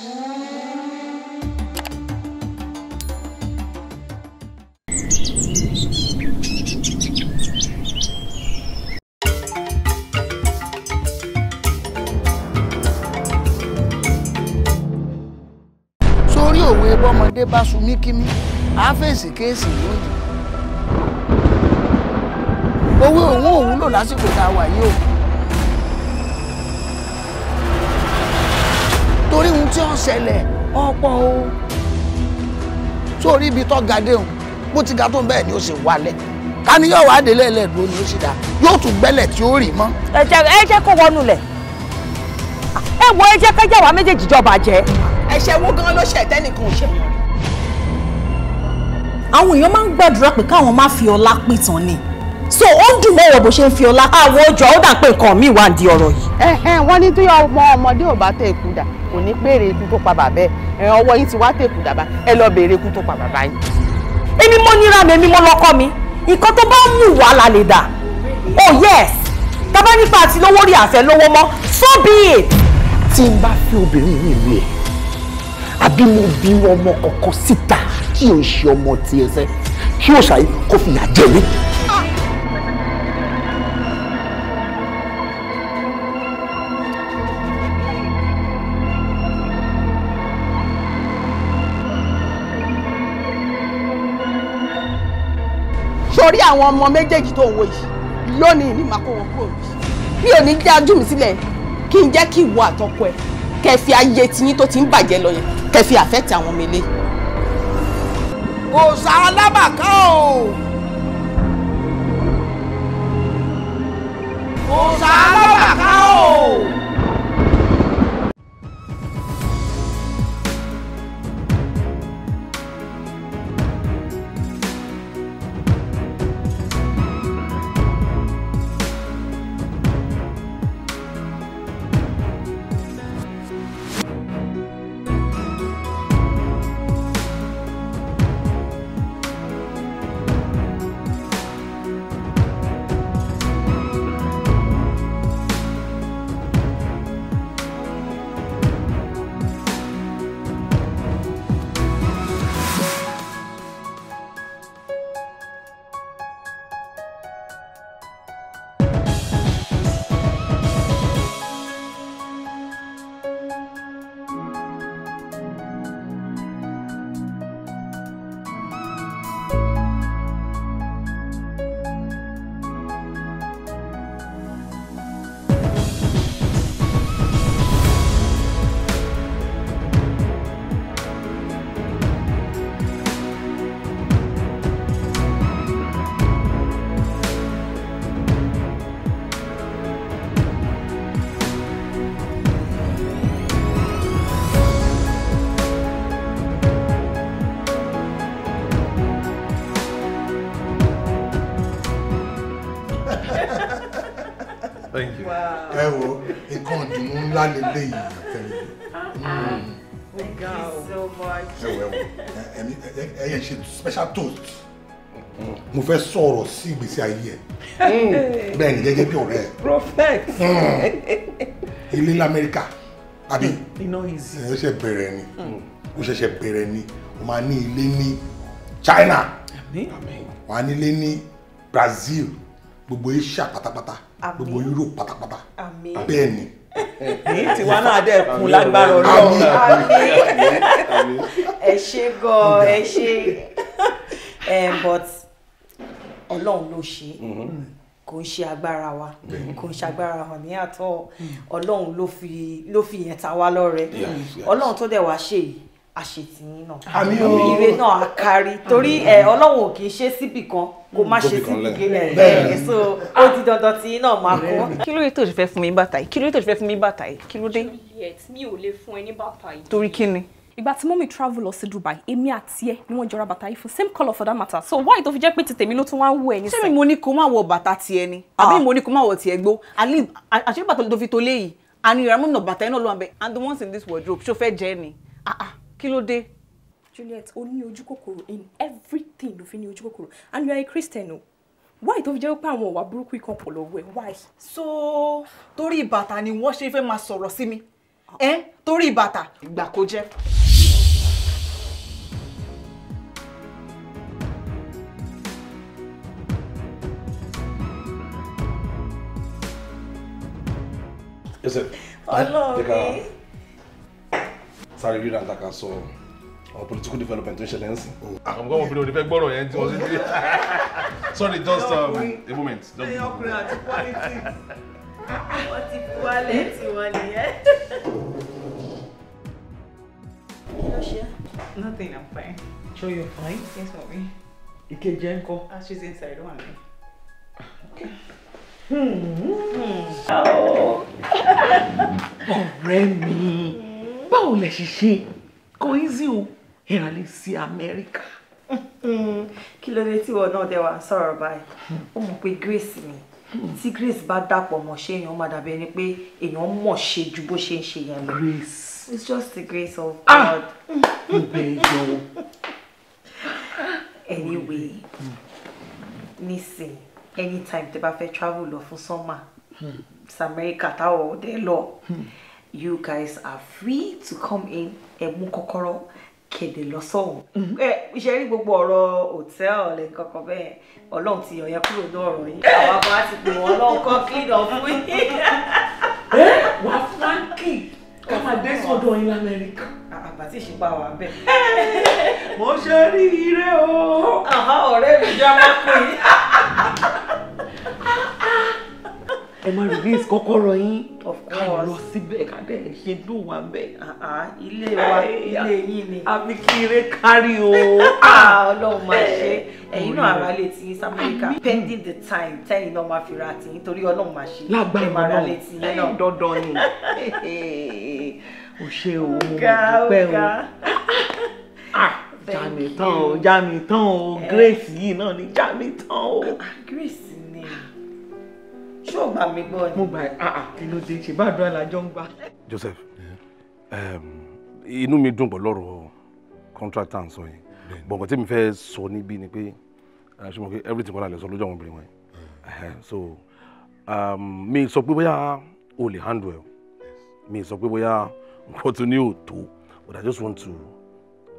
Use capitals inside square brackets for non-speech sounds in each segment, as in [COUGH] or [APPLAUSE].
sórí òwe bọ́mọdé bá sumí kímí á fèsì kéèsì lóyún owó òun òwúlò lásìkò tá a wà yìí o. torí ohun tí ó ṣẹlẹ̀ ọ̀pọ̀ o sórí ibi tó ga dé òun bó ti ga tó bẹ́ẹ̀ ni ó sì wálẹ̀ ká ní yóò wá délé ẹlẹ́dùn ni ó sì dá yóò tún gbẹ́lẹ̀ tí ó rì mọ́. ẹ jẹ́ ẹ jẹ́ kó wọnú lẹ̀ ẹ wo ẹ jẹ́ kẹ́jẹ́ wa méjèèjì jọba jẹ́. ẹ̀ṣẹ̀ wo gan ló ṣẹ̀ tẹ́nìkan ò ṣe. àwọn èèyàn máa ń gbàdúrà pé káwọn má fi ọlá pìtàn ni so ó ń dùn mọ́wọ́ bó ṣe ń fi ọlá. àwọn ojú àwọn dà pé nǹkan mi wà ní ọ̀rọ̀ yìí. wọ́n ní tí ọmọ ọmọdé ò bá tẹ ikú dà kò ní béèrè ikú tó pa bàbá ẹ ọwọ́ yìí ti wá tẹ ikú dàbà ẹ lọ béèrè ikú tó pa bàbá yìí. èmi mo nira mi èmi mo lọkọ mi nǹkan tó bá mú wà la lè dà oh yes tábà nípa àti lówó rí àfẹ lówó mọ so be it. tí n bá fi obìnrin yìí rí ẹ e, àbí mo bí ọmọ kọ̀ọ̀kan síta tí ò ń ṣe ọmọ tiẹ̀ sẹ́ kí òṣàyí kò fìyà jẹ mí. orí àwọn ọmọ méjèèjì tó ń wo yìí lónìí ni màá kó wọn kúrò bí mi ò ní dá ojú mi sílẹ̀ kí n jẹ́ kí ìwọ àtọkọ ẹ kẹfì ayé tiyín tó ti ń bàjẹ́ lọ yẹn kẹfì àfẹ́tì àwọn ọmọ ilé. kò sá alábàká o. kò sá alábàká o. wo nǹkan ọ̀dùnmú ńlá lélẹ̀ yìí àtẹ̀lẹ̀. Hmm. Thank you so much. ẹ wẹ wo ẹ yẹ ṣe special toast mo fẹ́ sọ̀rọ̀ sí ìgbésí ayé ẹ̀ hmm. bẹ́ẹ̀ ni gẹ́gẹ́ bí ọ̀rẹ́ ẹ̀. prophet. Hmm. ilé lamẹ́ríkà àbí ó ṣe bẹ̀rẹ̀ ni ó ṣẹ̀ṣẹ̀ bẹ̀rẹ̀ ni ó máa ní ilé ní China wà á ní ilé ní Brazil gbogbo Asia pátápátá gbogbo Europe pátápátá bẹ́ẹ̀ ni [LAUGHS] ní tiwa náà dẹ̀ kún lágbára ọlọ́run ẹ ṣe gan ẹ ṣe but ọlọ́run ló ṣe mm-hmm. mm. kò ń ṣe agbára wa kò ń ṣe agbára wa ní àtọ mm. ọlọ́run ló fi yẹn ta wá lọ́rẹ ọlọ́run tó dẹ̀ wá ṣe yìí àṣetìyín náà ire náà á kárí torí ọlọ́run ò kì í ṣe síbì kan kò má ṣe síbì gílẹ̀ bẹ́ẹ̀ so ó di dandan tìyín náà máa kó. kí ló dé tó ṣe fẹ́ fún mi bàtà yìí kí ló dé tó ṣe fẹ́ fún mi bàtà yìí kí ló dé. mi ò lè fún ẹ ní bàtà yìí. torí kí ni. ìgbà tí mọ́mí travel lọ sí Dubai èmi àti ẹ ni wọ́n jọra bàtà yìí fún same colour for that matter so why tó fi jẹ́ pé ti tèmi ló tún wáá wù ẹ ní ṣé mi mo ní kó má wọ bàtà tiẹ̀ ni àbí ah. mo ní kó má wọ tiẹ̀ gbó àṣẹ bàtà tó fi and you are not bàtà yẹn and the ones in this wardrobe ṣó fẹ́ ah, ah kí ló dé. Juliet o ní ojú kòkòrò in everything ló fi ní ojú kòkòrò and you are a Christian o why tó fi jẹ́ pé àwọn ọ̀wà burúkú ikán pọ̀ lọ́wọ́ ẹ̀ why. so torí bàtà ni wọ́n ṣe fẹ́ máa sọ̀rọ̀ sí mi ah. ẹ́ torí bàtà ìgbà kò jẹ́. Is it? Ọlọ́run sáré ríra nǹkan kan sọ àwọn political development tó ń ṣẹlẹ̀ ń sìn. àkàmùkọ́ wọn obìnrin ò ní fẹ́ gbọ́rọ̀ yẹn tí wọ́n ti dé. sorry just um, a moment. ṣé ọkùnrin àti politics wọ́n ti fi wálé hmm? tiwọn nìyẹn. Nothing, I'm fine. Sure you're fine? Yes, mommy. Ikeje ńkọ́? Ah, she's inside, don't worry. Okay. Oh. [LAUGHS] Ọ̀rẹ́ mi báwo lẹ ṣe ṣe kò easy o ìrànlẹ sí amẹ́ríkà. Hmm, kí ló dé tí ìwọ náà dé wá sọ̀rọ̀ báyìí ó mọ̀ pé grace ni hmm. tí grace bá dàpọ̀ mọ̀ ṣe èèyàn má dàbí ẹni pé èèyàn mọ̀ ṣe ju bó ṣe ń ṣe yẹn lọ. grace. it's just the grace of ah! God. ǹbẹ̀ yọ. anyway hmm. nisin anytime tẹ́ bá fẹ́ travel lọ fún summer. It's America táwọn ọdẹ lọ you guys are free to come in ẹ mú kọ́kọ́rọ́ kéde lọ sọ́hùn. Mm-hmm. ẹ ṣe rí gbogbo ọ̀rọ̀ hòtẹ́ẹ̀lì kankan bẹ́ẹ̀ ọlọ́run ti yọ̀yẹ́ kúrò ní ọ̀rọ̀ yìí eh! àwọn àbá ti pè wọ́n lọ́wọ́ kan kílìnà fún yín. ẹ [LAUGHS] eh! wà fúláńkì ká máa dé sọ́dọ̀ yín lamẹ́ríkà. Ah, àbá tí ìṣèpá wà bẹ́ẹ̀. Eh! mo ṣe rí ire o. ọ̀rẹ́ mi jẹ́ ọmọ [LAUGHS] ẹ máa release kọ́kọ́rọ́ yín ká lọ síbẹ̀ ká dẹ̀ ṣe dùn wá bẹ́ẹ̀ ilé wa ilé yín ni àfi kí ire kárí o. ọlọ́run máa ṣe ẹ̀yin náà ara lè ti East America pending the time tẹ́yìn náà máa fi ra àtìyín torí ọlọ́run máa ṣe ẹ̀ máa ra lè ti yín náà dandan ni [LAUGHS] o ṣe o mo dúpẹ́ o ah, já tán o já tán o grace yìí náà ni já tán o. Ah, grace ṣé o gbà mí gbọ́ ni. mo gbà ah, ah, kí ló dé ṣe bá àdúrà làjọ ń gbà. Joseph um, inú mi dùn bọ̀ lọ́rọ̀ contract and sọ yẹn bọ̀ǹkọ̀ tí mi fẹ́ sọ níbí ni pé ṣùgbọ́n pé everything kọ́ra lè sọ lójú àwọn obìnrin wọn so um, mi sọ pé bóyá o lè handle ẹ mi sọ pé bóyá nǹkan tó ní ò tó but I just want to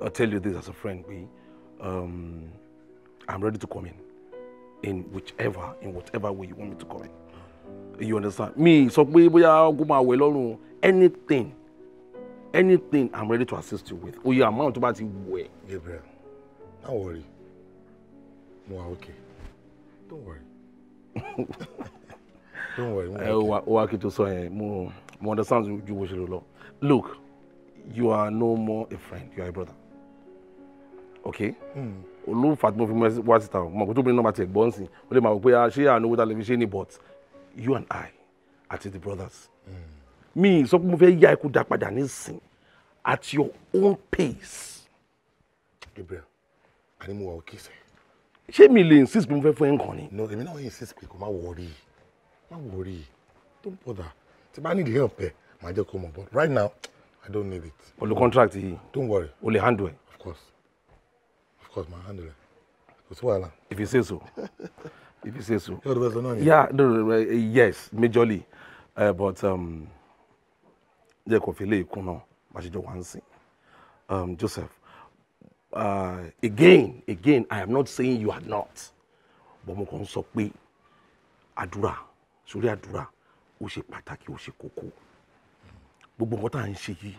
uh, tell you this as a friend pé um, I'm ready to come in in whichever in whatever way you want me to come in you understand me. sọ pé bóyá ogun máa wẹ̀ lọ́rùn anything anything i'm ready to assist you with oye amount tó bá ti wù ẹ́. Gabriel No wọrí mo wà okay don't worry [LAUGHS] don't worry mo wà okay. ẹ wà wà kí n tó sọ yẹn mo mo understand ju bó ṣe lọ look you are no more a friend you are a brother okay. Hmm. olùfàtúmọ̀ fi mọ́ wá síta ọmọ kó tóbi ní nọ́mbà tiẹ̀ gbọ́nsìn ó lè máa wọ pé ah, ṣé àánú owó tá a lè fi ṣe é ní but you and I àti the brothers mi sọ pé mo fẹ́ yá ikú dá padà nísìn at your own pace. Gabriel àní mo wà òkè sẹ. ṣé mi lè insist pé mo fẹ́ fún ẹ̀ ń kàn ni. no èmi náà insist pé kò má worry má worry don't bother tí bá need help ẹ màá jẹ́ kó mọ̀ but right now I don't need it. olú contract yìí. don't worry. o handle ẹ. of course of course màá handle ẹ kò sí wàhálà. if you say so. [LAUGHS] if you say so. Yeah, no, no, no, eh, eh, yes, majorly. Uh, but um, jẹ́ kó fi lè kún náà bá ṣe jọ wá ń Um, Joseph, uh, again, again, I am not saying you are not. But mo kàn sọ pé adura, sórí adura, ó ṣe pàtàkì, ó ṣe kókó. Gbogbo nǹkan tá à ń ṣe yìí,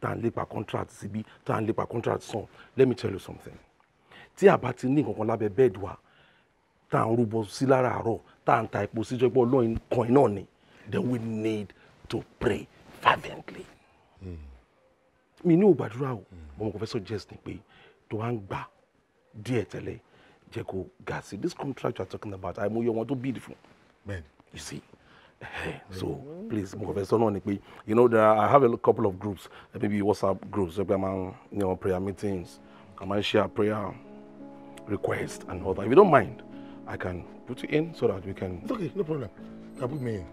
tá à ń lépa contract síbí, tá à ń contract sàn. Let me tell you something. Tí a bá ti ní nǹkan kan lábẹ́ bẹ́ẹ̀dì wa, tá à ń rúbọ sí lára àárọ̀ tá à ń ta epo sí jẹ́pọ̀ ọlọ́run kan iná ni then we need to pray fervently. Hmm. mi ní ògbàdúrà o hmm. mo kò fẹ́ suggest ni pé tó wá ń gbà díẹ̀ tẹ́lẹ̀ jẹ́ kó ga sí this contract you are talking about àìmọye wọn tó bíìdì fún you see so please mo fẹ́ sọ ni pé you know there are, I have a couple of groups maybe WhatsApp groups ẹgbẹ́ máa ń prayer meetings I máa share prayer requests and all that if you don't mind. I can put you in so that we can. It's okay, no problem. Can put me in.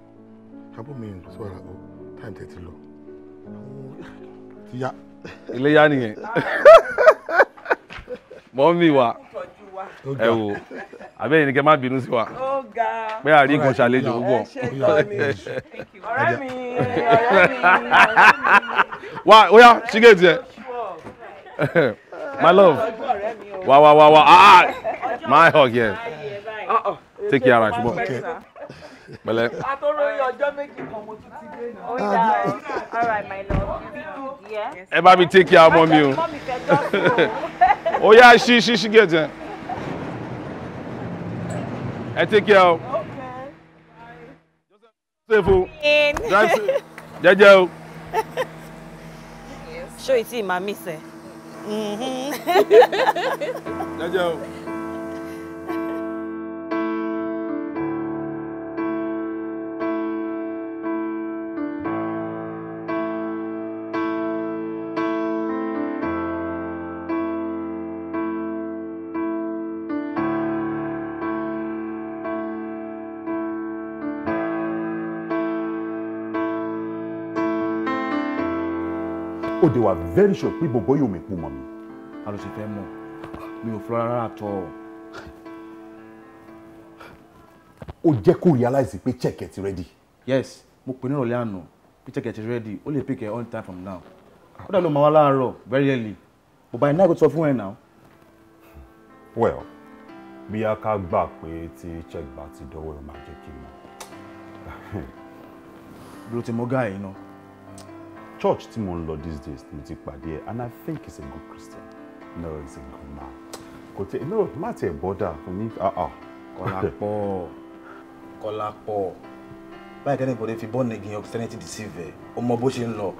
Can put me in so that oh, time long. Yeah. Ìyá. Iléyá nìyẹn. Mommy wa. Ẹ wo, àbẹ́yẹ ni kẹ́ má bínú sí wa. Pé àrí nǹkan ṣàlejò púpọ̀. Ọ̀rẹ́ mi, ọ̀rẹ́ mi, ọ̀rẹ́ mi. Wá ó yá ṣígẹ̀tì ẹ̀. My love. Wá wá wá wá. My hug, yes take care ara ṣùgbọ́n pẹ̀lẹ́. atọ́rọyìn ọjọ́ méjì kan mo tún ti dé náà. ó dáa all right my love be good yeah. ẹ bá mi take care ọmọ mi o. [LAUGHS] ó yá ṣí ṣí ṣí gẹ̀ẹ́tì ẹ. ẹ take care o. safe o jẹ́jẹ́ o. ṣó ìtì màmí sẹ́. jẹ́jẹ́ o. ó dé wà very sure pé bọ̀bọ̀ yóò mi kú mọ̀ mi. a ló ṣe fẹ́ mọ̀ mi ò fura rárá tọ́ ọ. ó jẹ́ kó realize pé check ẹ̀ ready. yes mo pè ní ìrọ̀lẹ́ àná pé check ẹ̀ ready ó lè pick ẹ̀ on time from now ó dàbí ọmọ wa láàárọ̀ very early but by nine kò sọ fún ẹ náà. well bí a ká gbà pé tí check bá ti dọwọ́ ẹ̀ máa jẹ́ kí n mọ̀. bí o ti mọ gáà yìí náà church tí mo ń lọ these days mo ti pàdé ẹ and i think he's a good christian no he's a good man kò tẹ no má tẹ bọ́dà ah, ah. [LAUGHS] kò ní. kọlápọ̀ kọlápọ̀ báyìí kẹ́ni ìbòde fi born again christianity deceive ẹ̀ ọmọ bó ṣe ń lọ.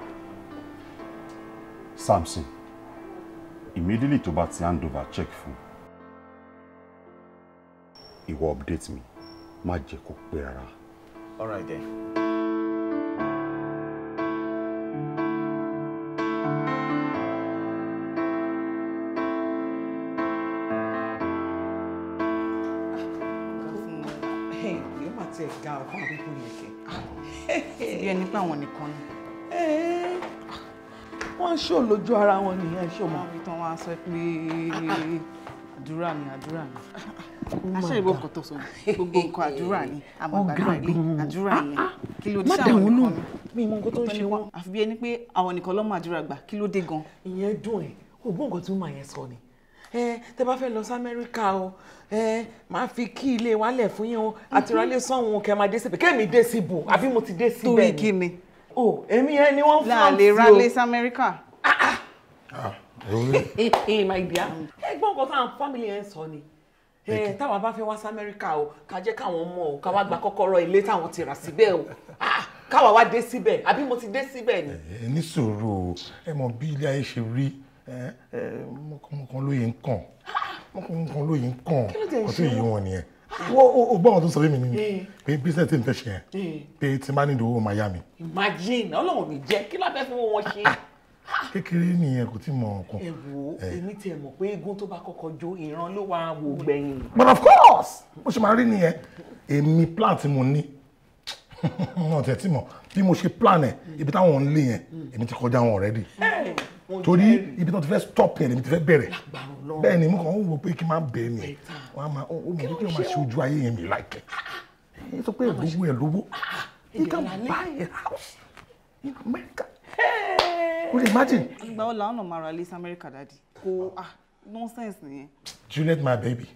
samson immediately to bá ti handover over check fún ìwọ update mi má jẹ́ kó pé rárá. all right then. àwọn nìkan ni. Eh, wọ́n ń ṣó lójú ara wọn nìyẹn ṣó mọ́. àwọn ìtàn wa sọ pé àdúrà ni àdúrà ni oh aṣẹ́ ìbò kò tó so gbogbo nǹkan àdúrà ni [LAUGHS] àmàgbàdúrà oh, ilé àdúrà ni ah, ah, ah. kí ló dé sáwọn nìkan ni mi mọ nǹkan tó ń ṣe wọn. àfi bí ẹni pé àwọn nìkan lọ́mọ àdúrà gbà kí ló dé gan. ìyẹn dùn ẹ ògbó nǹkan tó máa yẹn sọ ni ẹ tẹ bá fẹ́ lọ sí amẹ́ríkà o ẹ máa fi kí ilé wa lẹ̀ fún yín o àtìrálé mhm. sọ́hun kẹ́ máa dé síbẹ̀ kẹ́mi dé síbò àbí mo ti dé síbẹ̀ ni. torí kí ni. o èmi yẹn ni wọ́n fún àti láàlè rálé sí amẹ́ríkà. Ah, ah. ah, [LAUGHS] ee eh, eh, my dear ẹ̀gbọ́n kan táwọn family yẹn sọ ni táwọn bá fẹ́ wá sí amẹ́ríkà o ká jẹ́ káwọn mọ̀ o ká wá gba kọ́kọ́rọ́ ilé táwọn ti rà síbẹ̀ o káwa wá dé síbẹ̀ àbí mo ti dé síbẹ̀ ni. ẹ eh, ní sùúrù ẹ mọ bí ilé ayé ṣe rí mọ̀kànmọ̀kàn lóye ń kàn mọ̀kànmọ̀kàn lóye wọn nìyẹn o gbọ́ àwọn tó sọ fún mi eh. pé business tí fẹ́ ṣe yẹn eh. pé tí má nílò owó máa imagine ọlọ́run mi jẹ́ kí ló fẹ́ fún wọn ṣe. Ah! kékeré nìyẹn kò tí mọ ọkàn. ẹ wo èmi tiẹ̀ mọ̀ pé eégún tó bá kọ́kọ́ jó ìran ló wá wò gbẹ̀yìn. but of course bó ṣe máa rí nìyẹn èmi plan tí mo ní [LAUGHS] wọn tí mọ̀ bí mo ṣe plan ẹ̀ ibi táwọn ń lé yẹn hmm. èmi ti kọjá wọn already. Eh torí ibi tó ti fẹ́ stop yẹn ni mi ti fẹ́ bẹ̀rẹ̀ bẹ́ẹ̀ ni mo kàn ń wò pé kí n máa bẹ̀ mí wọ́n á máa ó mọ̀ pé kí n máa ṣe ojú ayé yẹn mi láìpẹ́ ah, ah, ah. ẹ sọ pé ìlówó ẹ lówó you can buy a house in America could you imagine. ìgbà wo làwọn ọmọ ara lè sí America dadi kò nonsense nìyẹn. Juliet my baby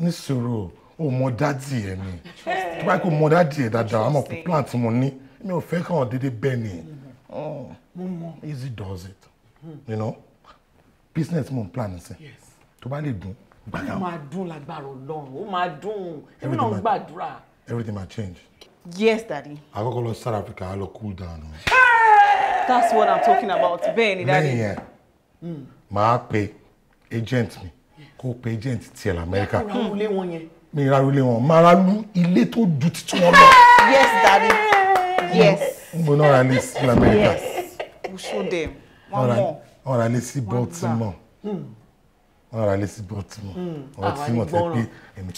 ní sọ̀rọ̀ o mọ dádì ẹ ni tó bá kó mọ dádì ẹ dáadáa àmọ́ plant mo ní mi ò fẹ́ kàn déédéé bẹ́ẹ̀ ni oh, easy does it you know business mo n plan nsìn tó bá lè dùn gbàgbà. ó máa dùn lágbára Ọlọ́run ó máa dùn èmi náà ń gbàdúrà. everything ma change. yes daddy. àkọ́kọ́ lọ South Africa á lọ cool down. that's what i'm talking about bẹ́ẹ̀ daddy. lẹ́yìn yẹn hmm. màá pe agent mi kó pe agent tiẹ̀ lamẹ́ríkà. yàrá ìwúlé wọn yẹn. mi ìrà ìwúlé wọn máa ra lu ilé tó ju títún wọn lọ. yes daddy yes. mo náà ra list lamẹ́ríkà. yes we show them. Hmm. wọ́n ra lé sí Baltimore wọ́n ra lé sí Baltimore wọ́n ti mọ̀ tẹ́ pé èmi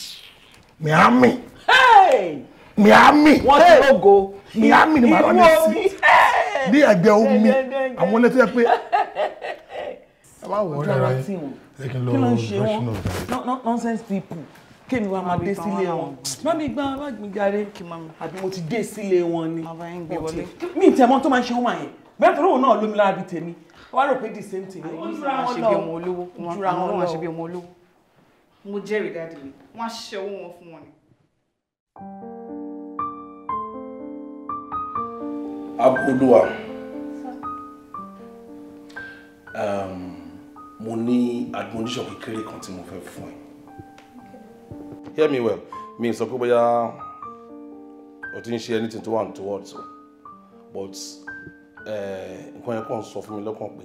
Miami Miami wọ́n ti lógo Miami ni màá rà lé sí ní ẹgbẹ́ omi àwọn ilé tó yẹ pé ẹ bá wọ ọjọ́ ara yín kí ló ń ṣe wọn nonsense people kí ni wàá máa dé sílé wọn má mi gbá má mi jáde àbí mo ti dé sílé wọn ni mi ìtẹ̀mọ́ tó máa ń ṣe wọn yẹn bẹ́ẹ̀ tó lóun náà lómi lára bíi tèmi wọ́n rò pé the same thing ni wọ́n jura wọn lọ wọ́n jura wọn lọ wọ́n ṣe bí ọmọ olówó. mo jẹ́rìí dáadé mi wọ́n á ṣe owó wọn fún wọn ni. Abdulwa um, mo ní admonition kékeré kan tí mo fẹ́ fún ẹ. hear me well mi sọ pé bóyá o ti ń ṣe anything to one towards o but nǹkan yẹn kàn sọ fún mi lọ́kàn pé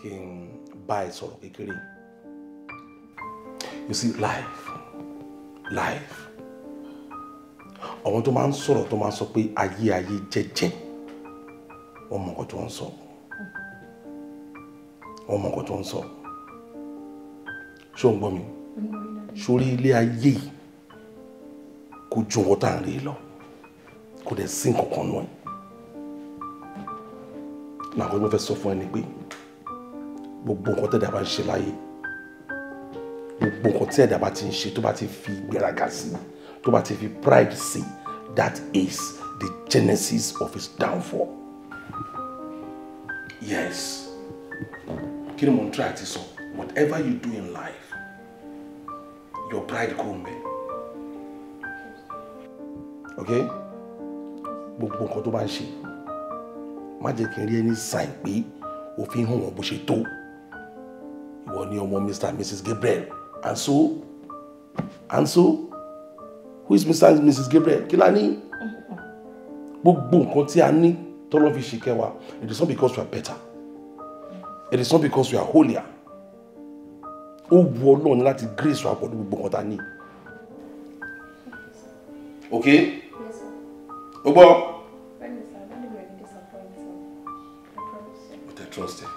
kí n bá ẹ sọ̀rọ̀ kékeré you see life life àwọn tó máa ń sọ̀rọ̀ tó máa ń sọ pé ayé ayé jẹ́jẹ́ wọ́n mọ̀ nǹkan tó ń sọ wọ́n mọ̀ nǹkan tó ń sọ ṣé o ń gbọ́ mi sórí ilé ayé kò ju nǹkan tá lọ kò dẹ̀ sí nǹkan kan náà náà kò ní mo fẹ́ sọ fún ẹ ni pé gbogbo nǹkan tẹ̀dá bá ń ṣe láyé gbogbo nǹkan tí ẹ̀dá bá ti ń ṣe tó bá ti fi ìgbéraga sí tó bá ti fi pride sí that is the genesis of his downfall yes kí ni mo ń try àti sọ whatever you do in life your pride kò ń bẹ okay gbogbo nǹkan tó bá ń ṣe má jẹ́ kí n rí ẹni sàn pé òfin hàn wọ́n bó ṣe tó ìwọ ni ọmọ Mr and Mrs Gabriel and so and so who is Mr and Mrs Gabriel kí la ní gbogbo nǹkan tí a ní tọ́lọ́ fi ṣe kẹwàá it is not because we are better it is not because we are holier ó wu ọlọ́run láti grace wa pẹ̀lú gbogbo nǹkan tá a ní. okay? Yes, sir. o Trust him.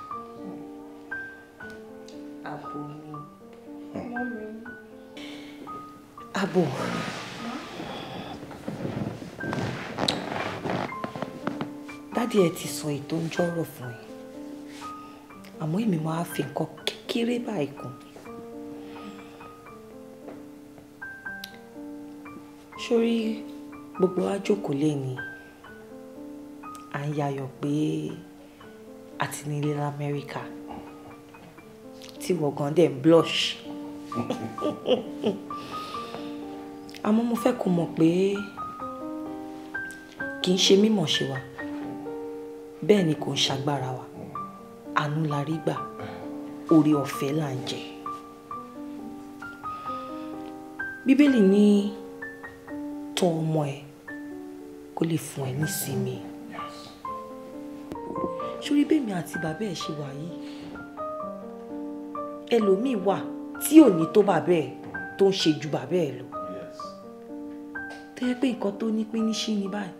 Abu. mi. Mọ́mi. Abo. Dádì ẹ ti sọ ètò ń jọ́rọ̀ fún ẹ. Àmọ́ èmi máa fi nǹkan kékeré báyìí kún. Sórí gbogbo wa jókòó lé ní à àti nílé lamẹ́ríkà tí wọ̀gán dẹ̀ ń blush [LAUGHS] àmọ́ mo fẹ́ kó mọ̀ pé kì í ṣe mímọ̀ ṣe wa bẹ́ẹ̀ ni kò ń ṣagbára wa àánú la rí gbà oore ọ̀fẹ́ là ń jẹ bíbélì ní tọ́ ọmọ ẹ kó lè fún ẹ nísinmi sórí bẹ́mi àti bàbá ẹ̀ ṣe wà yìí ẹlòmíì wà tí ò ní tó bàbá ẹ̀ tó ń ṣe ju bàbá ẹ̀ lọ tó yẹ pé nǹkan tó ní pín ní sí ni báyìí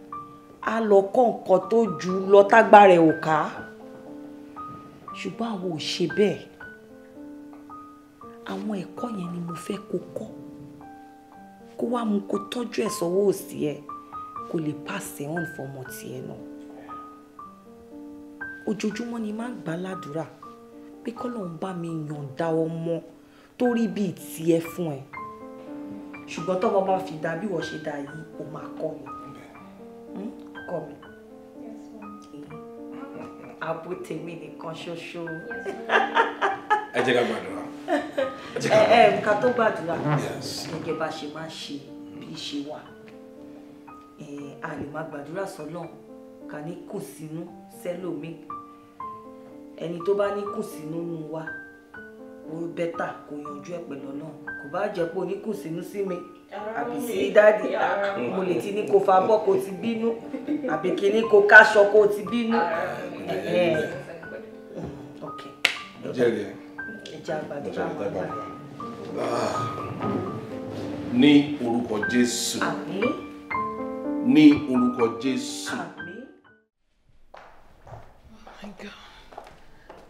a lọ kọ́ nǹkan tó jù lọ tágbára ẹ̀ ò ká ṣùgbọ́n àwọn ò ṣe bẹ́ẹ̀ àwọn ẹ̀kọ́ yẹn ni mo fẹ́ kó kọ́ kó wá mú kó tọ́jú ẹ̀ sọ́wọ́ òsì ẹ̀ kó lè pàṣẹ hàn fọmọ náà ojoojúmọ́ ni máa ń gbà ládùúrà pé kọ́lọ́n bá mi yọ̀ǹda ọmọ tó rí bíi tiẹ̀ fún ẹ ṣùgbọ́n tọ́mọ bá fi dà bí wọ́n ṣe dà yìí ó máa kọ́ mi hmm? kọ́ mi ààbò tèmi nìkan ṣoṣo. ẹ jẹ́ ká gbàdúrà. ẹ ẹ ká tó gbàdúrà gẹ́gẹ́ bá ṣe máa ṣe bí ṣe wà a lè máa gbàdúrà sọ́lọ́run ká ní kò sínú sẹ́lòmíì ẹni tó bá ní kùnsínú nu wa ó bẹ́tà kó yanjú ẹ̀ pẹ̀lú náà kò bá jẹ́ pé oníkùnsínú sí mi àbí sí dáàdì mo lè ti ní kó fa bọ́ kó ti bínú àbí kí ní kó káṣọ kó ti bínú. Ah. ní orúkọ Jésù ní orúkọ Jésù. Thank God.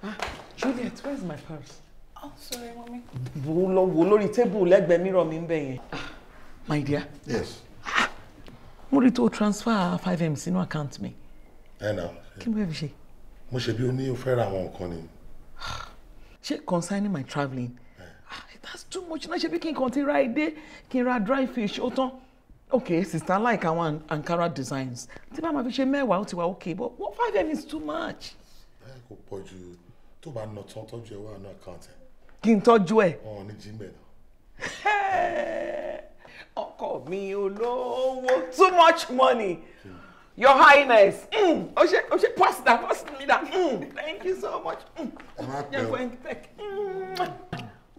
Ah, Juliet, where's my purse? Oh, sorry, mommy. Wo lọ wo lórí tébù lẹ́gbẹ̀ẹ́ mi ń bẹ̀ yẹn. Ah, my dear. Yes. Ah, mo rí transfer five m sínú account me. Ẹ nà. Kí ló fi ṣe? Mo ṣe bí o o fẹ́ ra àwọn nǹkan ni. Ah, ṣé concerning my travelling? Ah, that's too much. Na ṣe bí kí n kàn ti ra edé, kí ra dry fish, ó tán okay sister like àwọn ankara designs tí bá ma fi ṣe okay but one five m is too much kó pọ̀ ju tó bá nà tán tọ́jú ẹ̀ wà ní àkáǹtì. kí n tọ́jú ẹ̀. ọ̀ ní jíǹbẹ̀ náà. [LAUGHS] ọkọ mi olówó too much money your highness ó mm. ṣe ó ṣe pass that pass me that mm. thank you so much. Mm. ẹ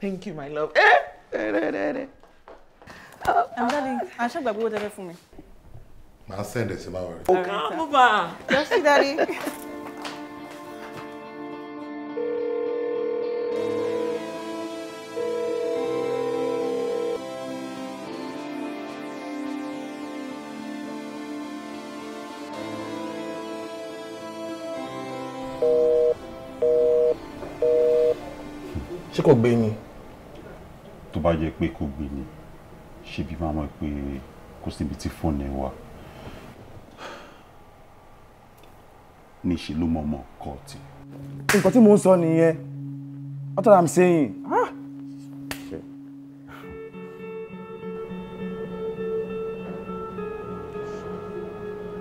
thank you my love. I'm eh? eh, eh, um, darling, I should be able to fún mi. Màá send it to my wife. Oh, come over. Just see, daddy. ṣé kò gbé ni. tó bá jẹ́ pé kò gbé ni ṣebí máa mọ̀ pé kò síbi tí fóònù ẹ̀ wà. níṣẹ́ ló mọ̀ mọ̀ kọ́ọ̀tì. nǹkan tí mò ń sọ nìyẹn what am I saying. Ah.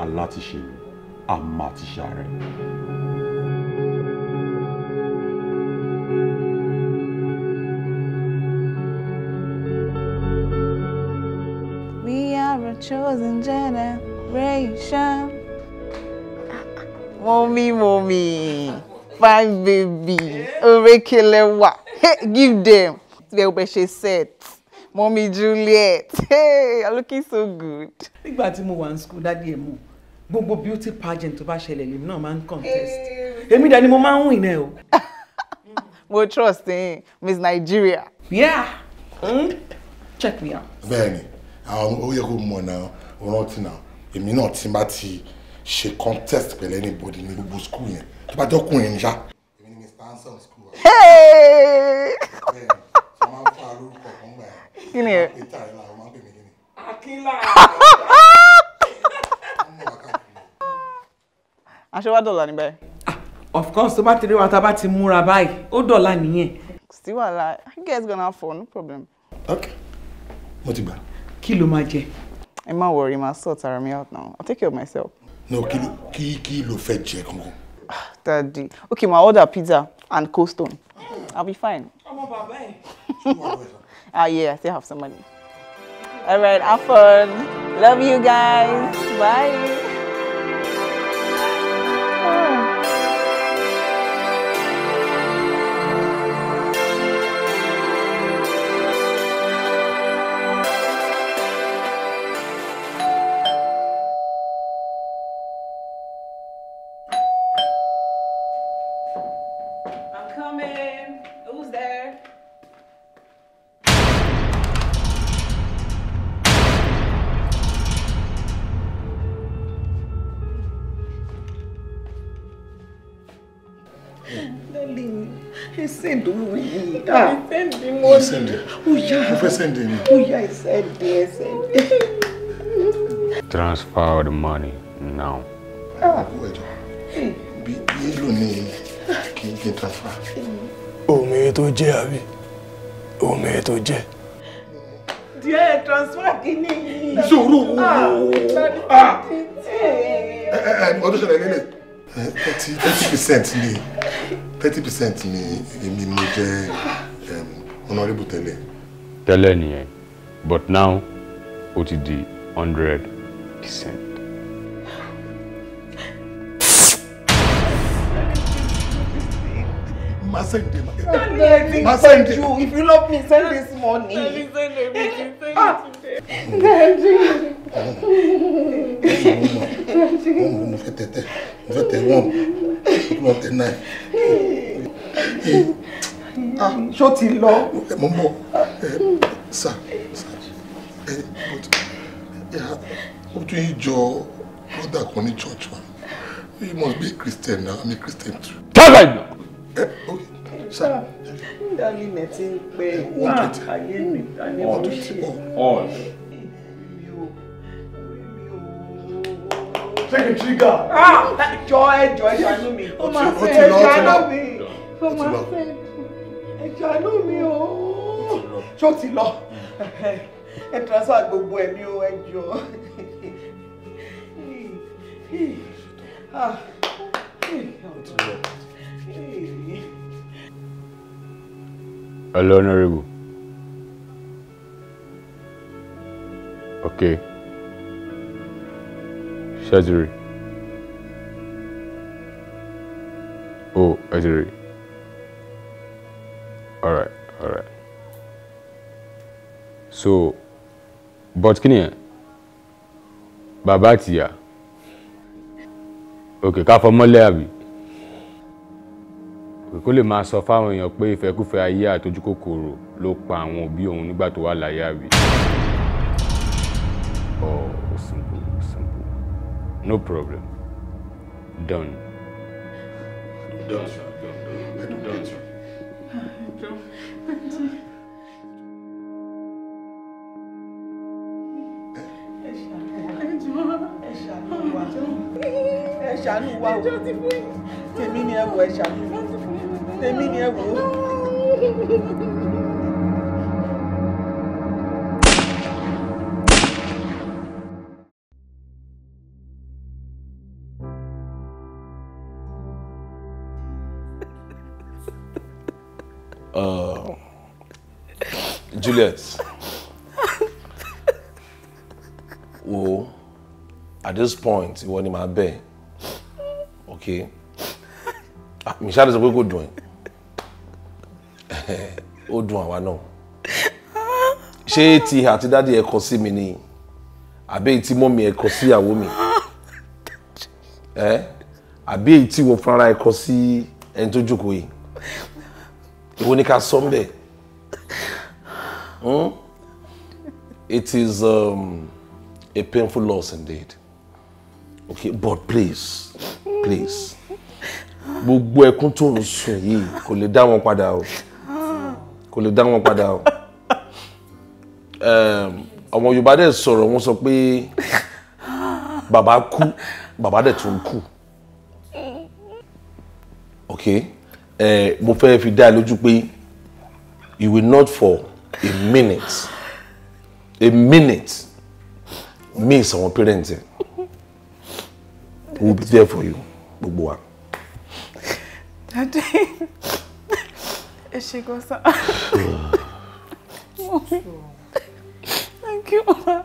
aláti ṣe ni a máa ti ṣe ààrẹ. chosen generation. Mommy, mommy, fine baby, Orekelewa, hey, give them. They'll be she said, Mommy Juliet, hey, you're looking so good. Nígbà tí mo wà ní school, that ẹ̀ Mo, gbogbo beauty pageant to bá ṣẹlẹ̀ lèmi man máa ń contest. Èmi dẹ̀ ni mo man ń win ẹ̀ o. [LAUGHS] Mo trust in Miss Nigeria. Yeah, mm? Check me out. Bẹ́ẹ̀ni àwọn ó yẹ kó náà ó rántí náà èmi náà ti bá ti ṣe contest pẹ̀lú anybody ní gbogbo school yẹn tó bá jọ́kùnrin níṣà. èmi ni mr hanson school wa. bẹ́ẹ̀ máa ń fọ arúgbó kan gbà yẹn. kí ni ẹ. peter ẹ̀ la máa ń pè mí kí akínlá. aṣọ wa dọ̀là níbẹ̀. Ah, of course tó bá ti rí wa tá a bá ti múra báyìí ó dọ̀là nìyẹn. sí wàhálà i guess gonna have fun no problem. ok mo ti gbà kí ló máa jẹ. ẹ má worry máa sort ara mi out now i'll take care of myself. no kí ló kí kí ló fẹ́ jẹ kankan. Ah, daddy okay ma order pizza and cold stone i'll be fine. ọmọ bàbá ẹ. [LAUGHS] ah yeah i still have some money. all right have fun love you guys bye. send ni. Oya ẹ send ẹ send. [LAUGHS] Transfer the money now. Ah. Ah, Owó ẹ̀jọ̀ bí yélò Can you í gbé transfer. Òmìnir tó jẹ́ àbí? Òmìnir tó jẹ́. Díẹ̀ transfer kìíní yìí. Ìṣòro wo? Ah, eh, eh, eh, ọdún ṣẹlẹ̀ nílẹ̀. Thirty percent ni thirty percent ni èmi mo jẹ́ honourable tele tẹ́lẹ̀ nìyẹn but now ó ti di hundred percent. Ma send him. Ma send him. You, if you love me, send this money. Darling, send everything. Send ah. it today. Darling. Mo mo fẹ́ tẹ̀tẹ̀. Mo fẹ́ tẹ̀ one. Mo fẹ́ tẹ̀ nine. Ah, ṣó ti lọ. ẹ mọ̀ mọ̀ ẹ sà ẹ ó tún yín jọ brother kan ní church wa you must be a Christian now I'm a Christian too. tẹ́lẹ̀ ìgbà. ẹ Oh, sà. dálínẹ̀ ti ń pẹ́ eh, wá ayé mi dálínẹ̀ Oh my, oh my, trigger. Ah! Jọ ẹjọ́ ìṣàánú mi. Ó máa fẹ́ ẹ̀ṣánú mi. Ó máa fẹ́ ẹ̀ṣánú mi ẹ̀jẹ̀ àánú mi o ṣó ti lọ ẹ transfer gbogbo ẹ̀mí o ẹ jọ hello honorable okay surgery oh surgery all right all right so but kí nìyẹn bàbá àtìyà òkè ká fọmọ́lẹ̀ àbí kó lè máa sọ fáwọn èèyàn pé ìfẹ́kúfẹ́ ayé àtọ́jú kòkòrò ló pa àwọn òbí òun nígbà tó wà láyé àbí. oh simple simple no problem done. done. ṣàánú wa o tèmi ni ẹ wò ẹ ṣàánú tèmi ni ẹ wò ó. Uh, Juliet. Whoa. At this point, ìwọ ni màá bẹ̀ okay michelle is pé kò dùn ẹ ó dùn àwa náà ṣé ti àti dáàdi ẹ kọ sí mi ni àbí èyí tí mọ́mí ẹ kọ sí ìyàwó mi ẹ àbí èyí tí wọ́n fúnra ẹ kọ sí ẹni tó jókòó yìí ìwọ ni hmm? it is um, a painful loss indeed okay but please place gbogbo ẹkún tó ń sùn yìí kò lè dá wọn padà o kò lè dá wọn padà o ehm, ọmọ Yorùbá dẹ̀ sọ̀rọ̀ wọ́n sọ pé bàbá kú bàbá dẹ̀ tún kú ok mo fẹ́ fi dá lójú pé you will not for a minute a minute miss our parents ẹ we will be there for you gbogbo wa. dadi ẹ gan sa. [SIGHS] thank you mama.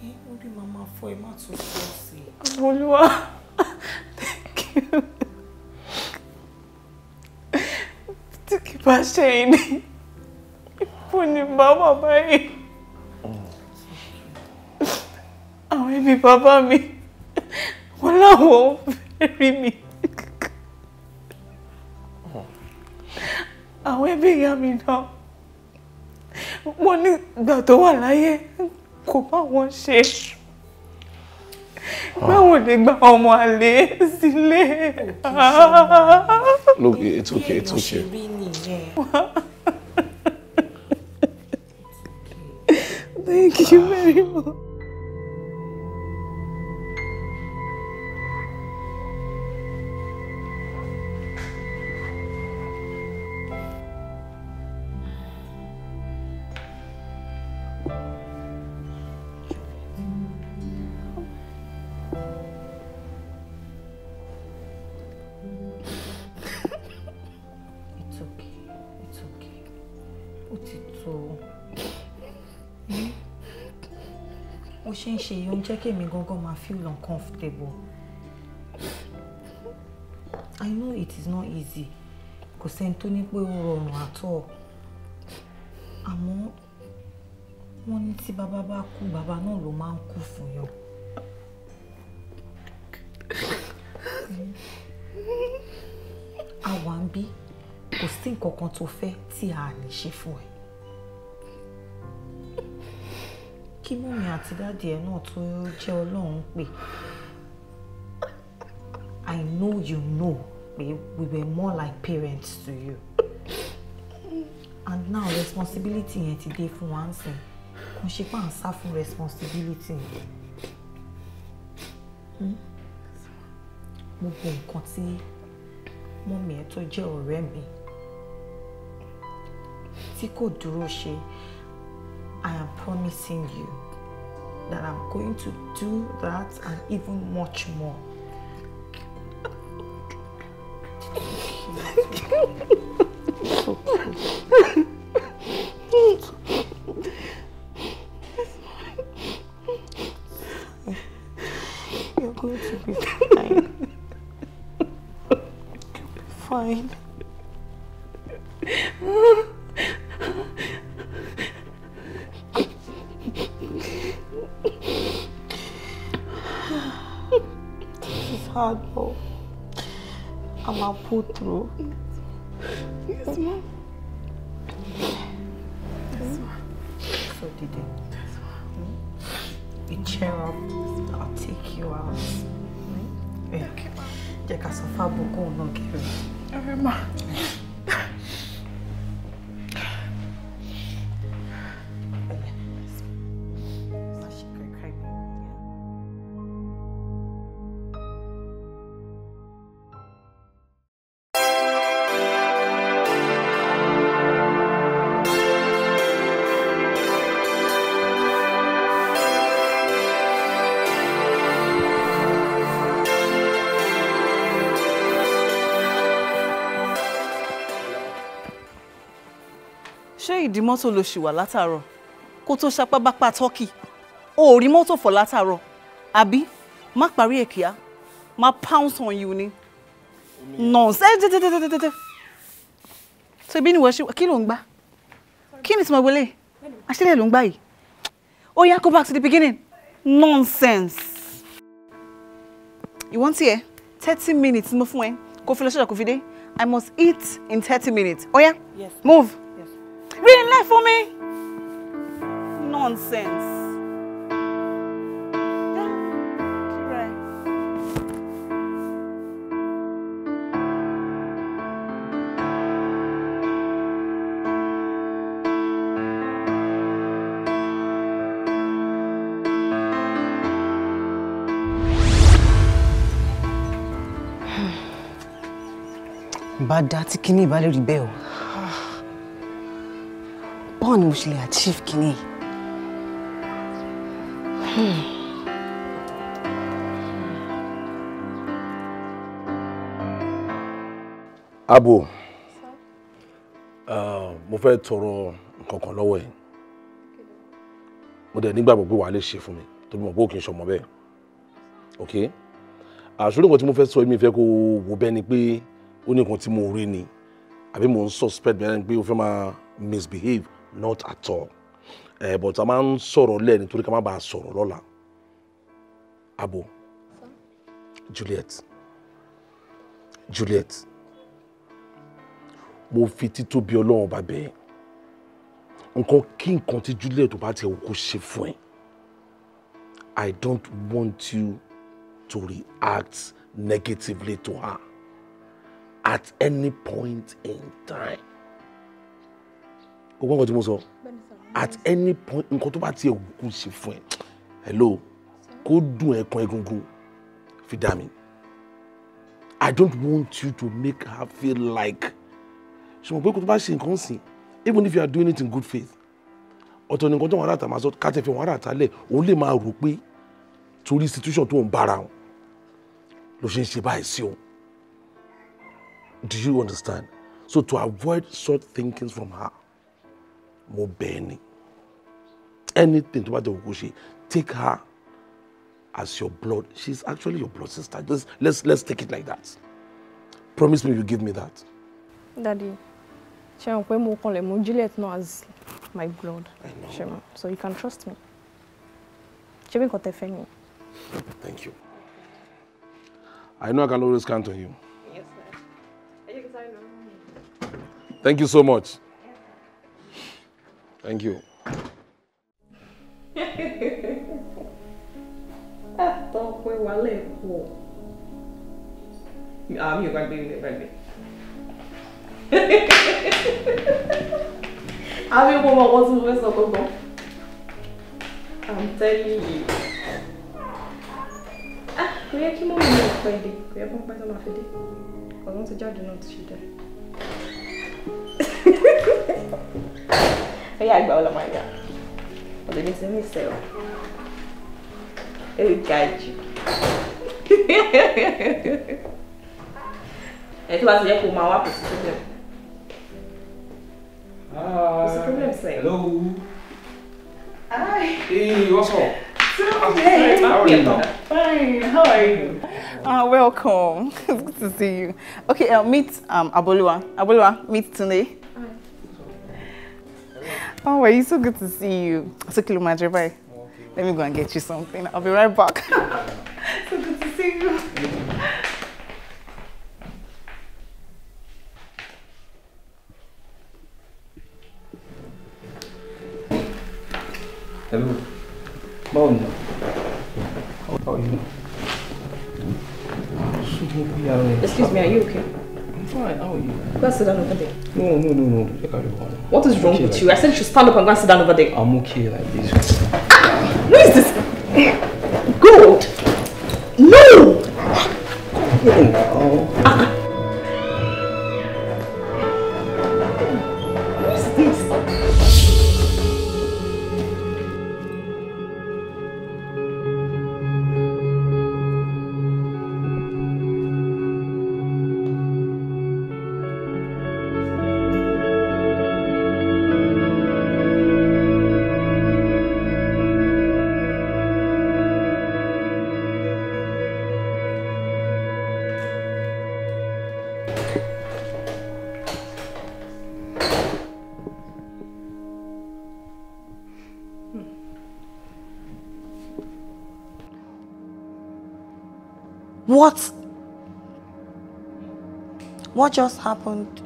ẹ mama màmá fọ ẹ má tún fọ sí olúwa thank you. tí kì bá ṣe yìí ni ipò ní bàbá báyìí. àwọn ẹbí bàbá mi wọn láwọn ò fẹ́ rí mi àwọn ẹbí ìyá mi náà wọ́n nígbà tó wà láyé kò bá wọn ṣe báwo lè gba ọmọ àlè sílé. look it's okay it's okay. Thank you very much. jẹ́ kí èmi gangan máa feel uncomfortable I know it is not easy kò sẹ́ni tó ní pé ó rọrùn àtọ̀ àmọ́ wọ́n ní tí bàbá bá kú bàbá náà ló máa ń kú fún yàn. àwa ń bí kò sí nǹkan kan tó fẹ́ tí a lè ṣe fún ẹ. kí mọ̀mí àti dáàdì ẹ̀ náà tó jẹ́ ọlọ́run pé I know you know pé we were more like parents to you and now responsibility yẹn ti dé fún wa ń sìn kò ṣe pé à sá fún responsibility yẹn hmm? gbogbo nǹkan tí mọ̀mí ẹ̀ tó jẹ́ ọ̀rẹ́ mi tí kò dúró ṣe I am promising you that I'm going to do that and even much more. You're going to be fine. You'll be fine. futuro ṣé ìdí mọ́tò ló ṣì wà látàárọ̀ kó tó sapá bá pa tọ́kì o ò rí mọ́tò fọ̀ látàárọ̀ àbí má parí èkìá má pounce on you ni nonsense ẹ tètè ṣebí ni wọ́n ṣe kí ló ń gbá kí ni tí wọlé àṣírí ló ń gbá yìí ó yá go back to the beginning nonsense ìwọ́n tiẹ̀ thirty minutes mo fún ẹ kó fi lọ ṣọ́jà kó fi dé I must eat in thirty minutes Oh yeah. Yes. move. Rí left for me? Nonsense. bá dá tí kíní ìbá lè rí bẹ́ẹ̀ o báwo ni mo ṣe lè achieve kìíní yìí. Hmm. abo ah, mo fẹ́ tọrọ nǹkan kan lọ́wọ́ ẹ̀ mo dẹ̀ nígbàgbọ́ pé wàá lè ṣe fún mi tó bí mo bó kì í ṣọmọ bẹ́ẹ̀ ok àṣírí ah, nǹkan tí mo fẹ́ sọ èmi fẹ́ kó wò bẹ́ẹ̀ ni pé ó ní nǹkan tí mo rí ni àbí mo ń suspect bẹ́ẹ̀ ni pé o fẹ́ máa misbehave not at all ẹ eh, but a máa ń sọ̀rọ̀ lẹ́ẹ̀ nítorí ká má bàa sọ̀rọ̀ lọ́la abo Juliet Juliet mo fi títóbi ọlọ́run bá bẹ́ẹ̀ nǹkan kí nǹkan tí Juliet bá ti kó ṣe fún ẹ I don't want you to react negatively to her at any point in time o gbọ́n kan tí mo sọ at any point nǹkan tó bá tiẹ̀ kú ṣe fún ẹ hello kó dùn ẹ̀kan egungun fi dá mi i don't want you to make her feel like ṣùgbọ́n pé kò tó bá ṣe nǹkan sìn even if you are doing it in good faith ọ̀tọ̀ nìkan tó wọn ará àtàmásọ káàtẹ́ fi wọn ará àtàlẹ̀ òun lè máa rò pé torí institution tó ń bára wọn ló ṣe ń ṣe báyìí sí òun do you understand so to avoid short thinking from her mo bẹ́ẹ̀ ni anything tó bá jẹ́ kókó ṣe take her as your blood she's actually your blood sister just let's let's take it like that promise me you give me that. daddy ṣe mọ̀ pé mo kanlẹ̀ mo Juliet náà as my blood ṣe mọ̀ so you can trust me ṣe bí nǹkan tẹ́ fẹ́ ni. thank you I know I can always count on you. yes sir. thank you so much. Thank you. Àtọ́pẹ́ wa lẹ́kọ̀ọ́. Àmì ah, ò gbàgbé ilé gbàgbé. Àmì ò mọ̀ wọ́n tí mo fẹ́ sọ gbọ́ngàn. I'm telling you. Ah, kò yẹ kí mọ́mí mi ò pẹ́ dé. Kò yẹ kó ń pẹ́ tó máa fi dé. Ọ̀run ti jáde náà ti ṣe dẹ́. ẹ̀yà àgbà ọ̀la máa yà ọ̀dọ̀ mi ti ọ ẹ̀rù ga jù ẹ̀ tó bá ti yẹ kó máa wá kò sí problem kò sí problem sẹ́. hello. hi. hey what's up. So hey, how are you? Fine. How are you? Ah, welcome. [LAUGHS] it's good to see you. Okay, uh, meet um, Aboluwa. Aboluwa, meet Tunde. Oh, well, it's so good to see you. So, Kilumaje, bye. Let me go and get you something. I'll be right back. [LAUGHS] so good to see you. Hello. Báwo How are you? Excuse me, are you okay? Go and sit down over there. No, no, no, no. What is wrong okay with like you? This. I said you should stand up and go and sit down over there. I'm okay like this. Ah, this? Good. No! No! Oh. Ah. ah. What? What just happened?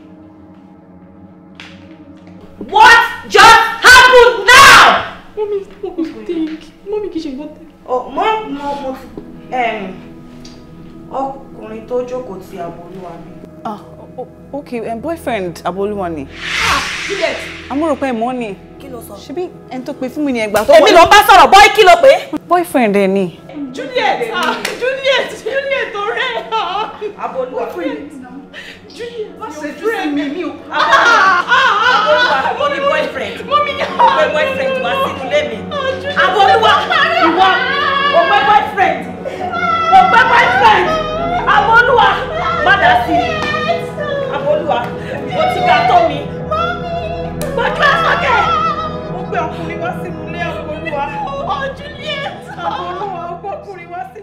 What just happened now? Mommy, mommy, think. Mommy, kitchen, what? Oh, mom, no, mom. Um, ọkùnrin tó jókòó ti Abolúwa mi. Ah, okay, And um, boyfriend Abolúwa ni. Ah, Juliet. Amúròpẹ́ mọ́ ni. Kí ló sọ? Ṣebí ẹni tó pe fún mi ni ẹgbàá tó wọlé. Èmi ló bá sọ̀rọ̀, bọ́ì kí ló pé? Boyfriend ẹ ni. Juliet. Ah abolúwa julie má ṣe jú sí mi mi o abolúwa boyfriend. ní boyfriend mo gbé boyfriend wá sínú ilé mi oh, boyfriend. ìwọ boyfriend. gbé boyfriend mo gbé boyfriend abolúwa má dá sí abolúwa mo ti ga tó mi gbàdúrà sókè mo gbé ọkùnrin wá sínú boyfriend. abolúwa oh, abolúwa ọkùnrin wá sí.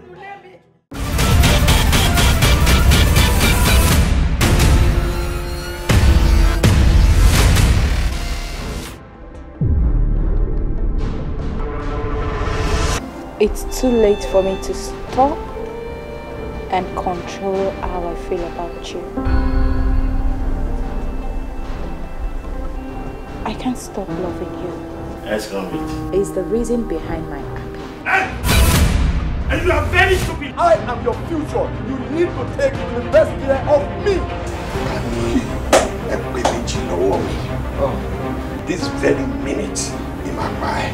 it's too late for me to stop and control how I feel about you. I can't stop loving you. Let's Is the reason behind my happiness. And, you are very stupid. I am your future. You need to take the best care of me. Everything you of oh, me. This very minute in my mind.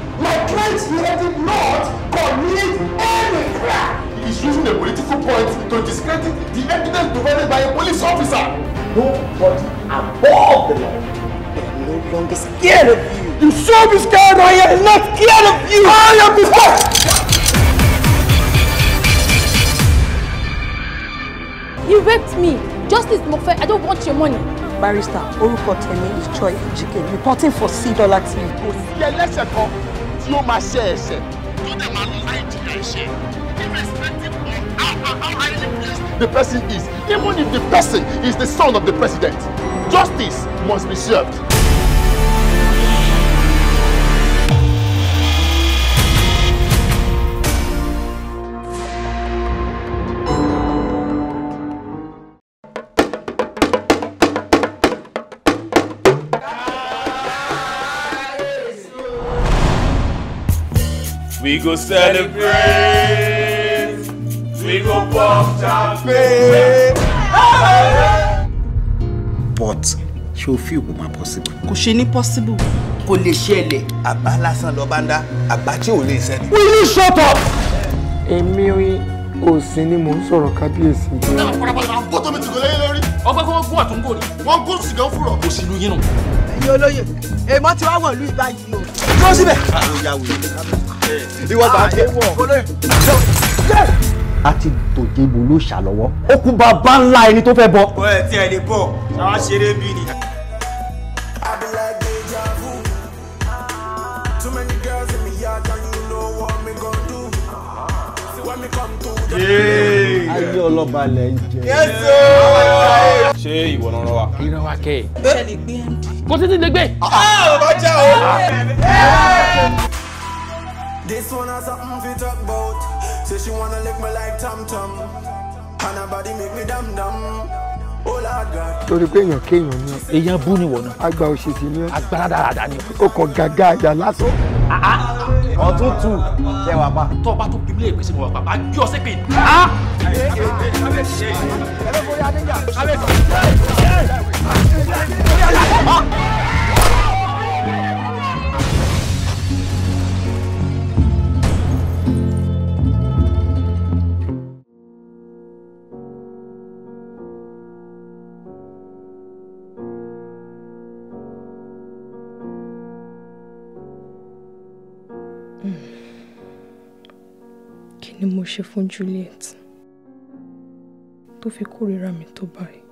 Christ here did not commit any crime. He is using a political point to discredit the evidence provided by a police officer. Nobody above the law is no longer scared of you. You should be scared, I am not scared of you. I am the before. He raped me. Justice Mofe, I don't want your money. Barrister, orúkọ tèmi is Joy Ejike, reporting for C Dollar TV. Yeah, let's go. tí ó máa ṣe ẹ̀ṣẹ̀ tó dẹ̀ how highly placed the person is even if the person is the son of the president justice must be served. We go celebrate. We go pop champagne. But ṣé o fi ìwò máa possible? Kò ṣe ní possible. Kò lè ṣẹlẹ̀. Àbá lásán lọ bá ń dá. Àbá tí ò lè ṣẹlẹ̀. Will you shut up? Èmi òsín ni mò ń sọ̀rọ̀ kábíyèsí. Ìjọba farabalẹ̀ máa ń bọ́ tómi tìgọ́lẹ́ lórí. Ọgbẹ́ kí wọ́n gún àtúngò ni. Wọ́n gún sìgá fúrọ̀. Kò sí ìlú yín nù. Ẹ̀yin olóye, èèmọ̀ ti wá wọ̀lú ìbáyìí o. Dúró síbẹ̀. Àwọn ìyàwó ìlú kábíyèsí ìwọ bá gbé wọ̀. a ti tòjé ibo ló ṣàlọ́wọ́ ó kú bàbá ńlá ẹni tó fẹ́ bọ. ọ ẹ tí ẹ lè bọ ṣáwá ṣeré bí ni. ayé ọlọ́ba lẹ̀ ń jẹ. ṣé ìwọ náà rọ wa. irọ́ wa kẹ́ ẹ̀. kò sí ti lè gbé. Ah, ọ̀ọ́ bá jẹ́ o. Ah. This one has something to talk about. Say she wanna lick me like Tom Tom. And her body make me dumb dumb. Oh, torí pé èèyàn kéèyàn ni èèyàn bú ni wọ̀nà. àgbà òṣèṣì ni agbára dáadáa ni o kò gàgà àjà lásán. ọ̀tún tù ṣe wà pa. tọ́ ọba tó bí mi lè pèsè mọ̀ wà pa bá yọ sẹ́pẹ̀. kábíyèsí. ni mo ṣe fún Juliet tó fi kórìíra mi tó báyìí.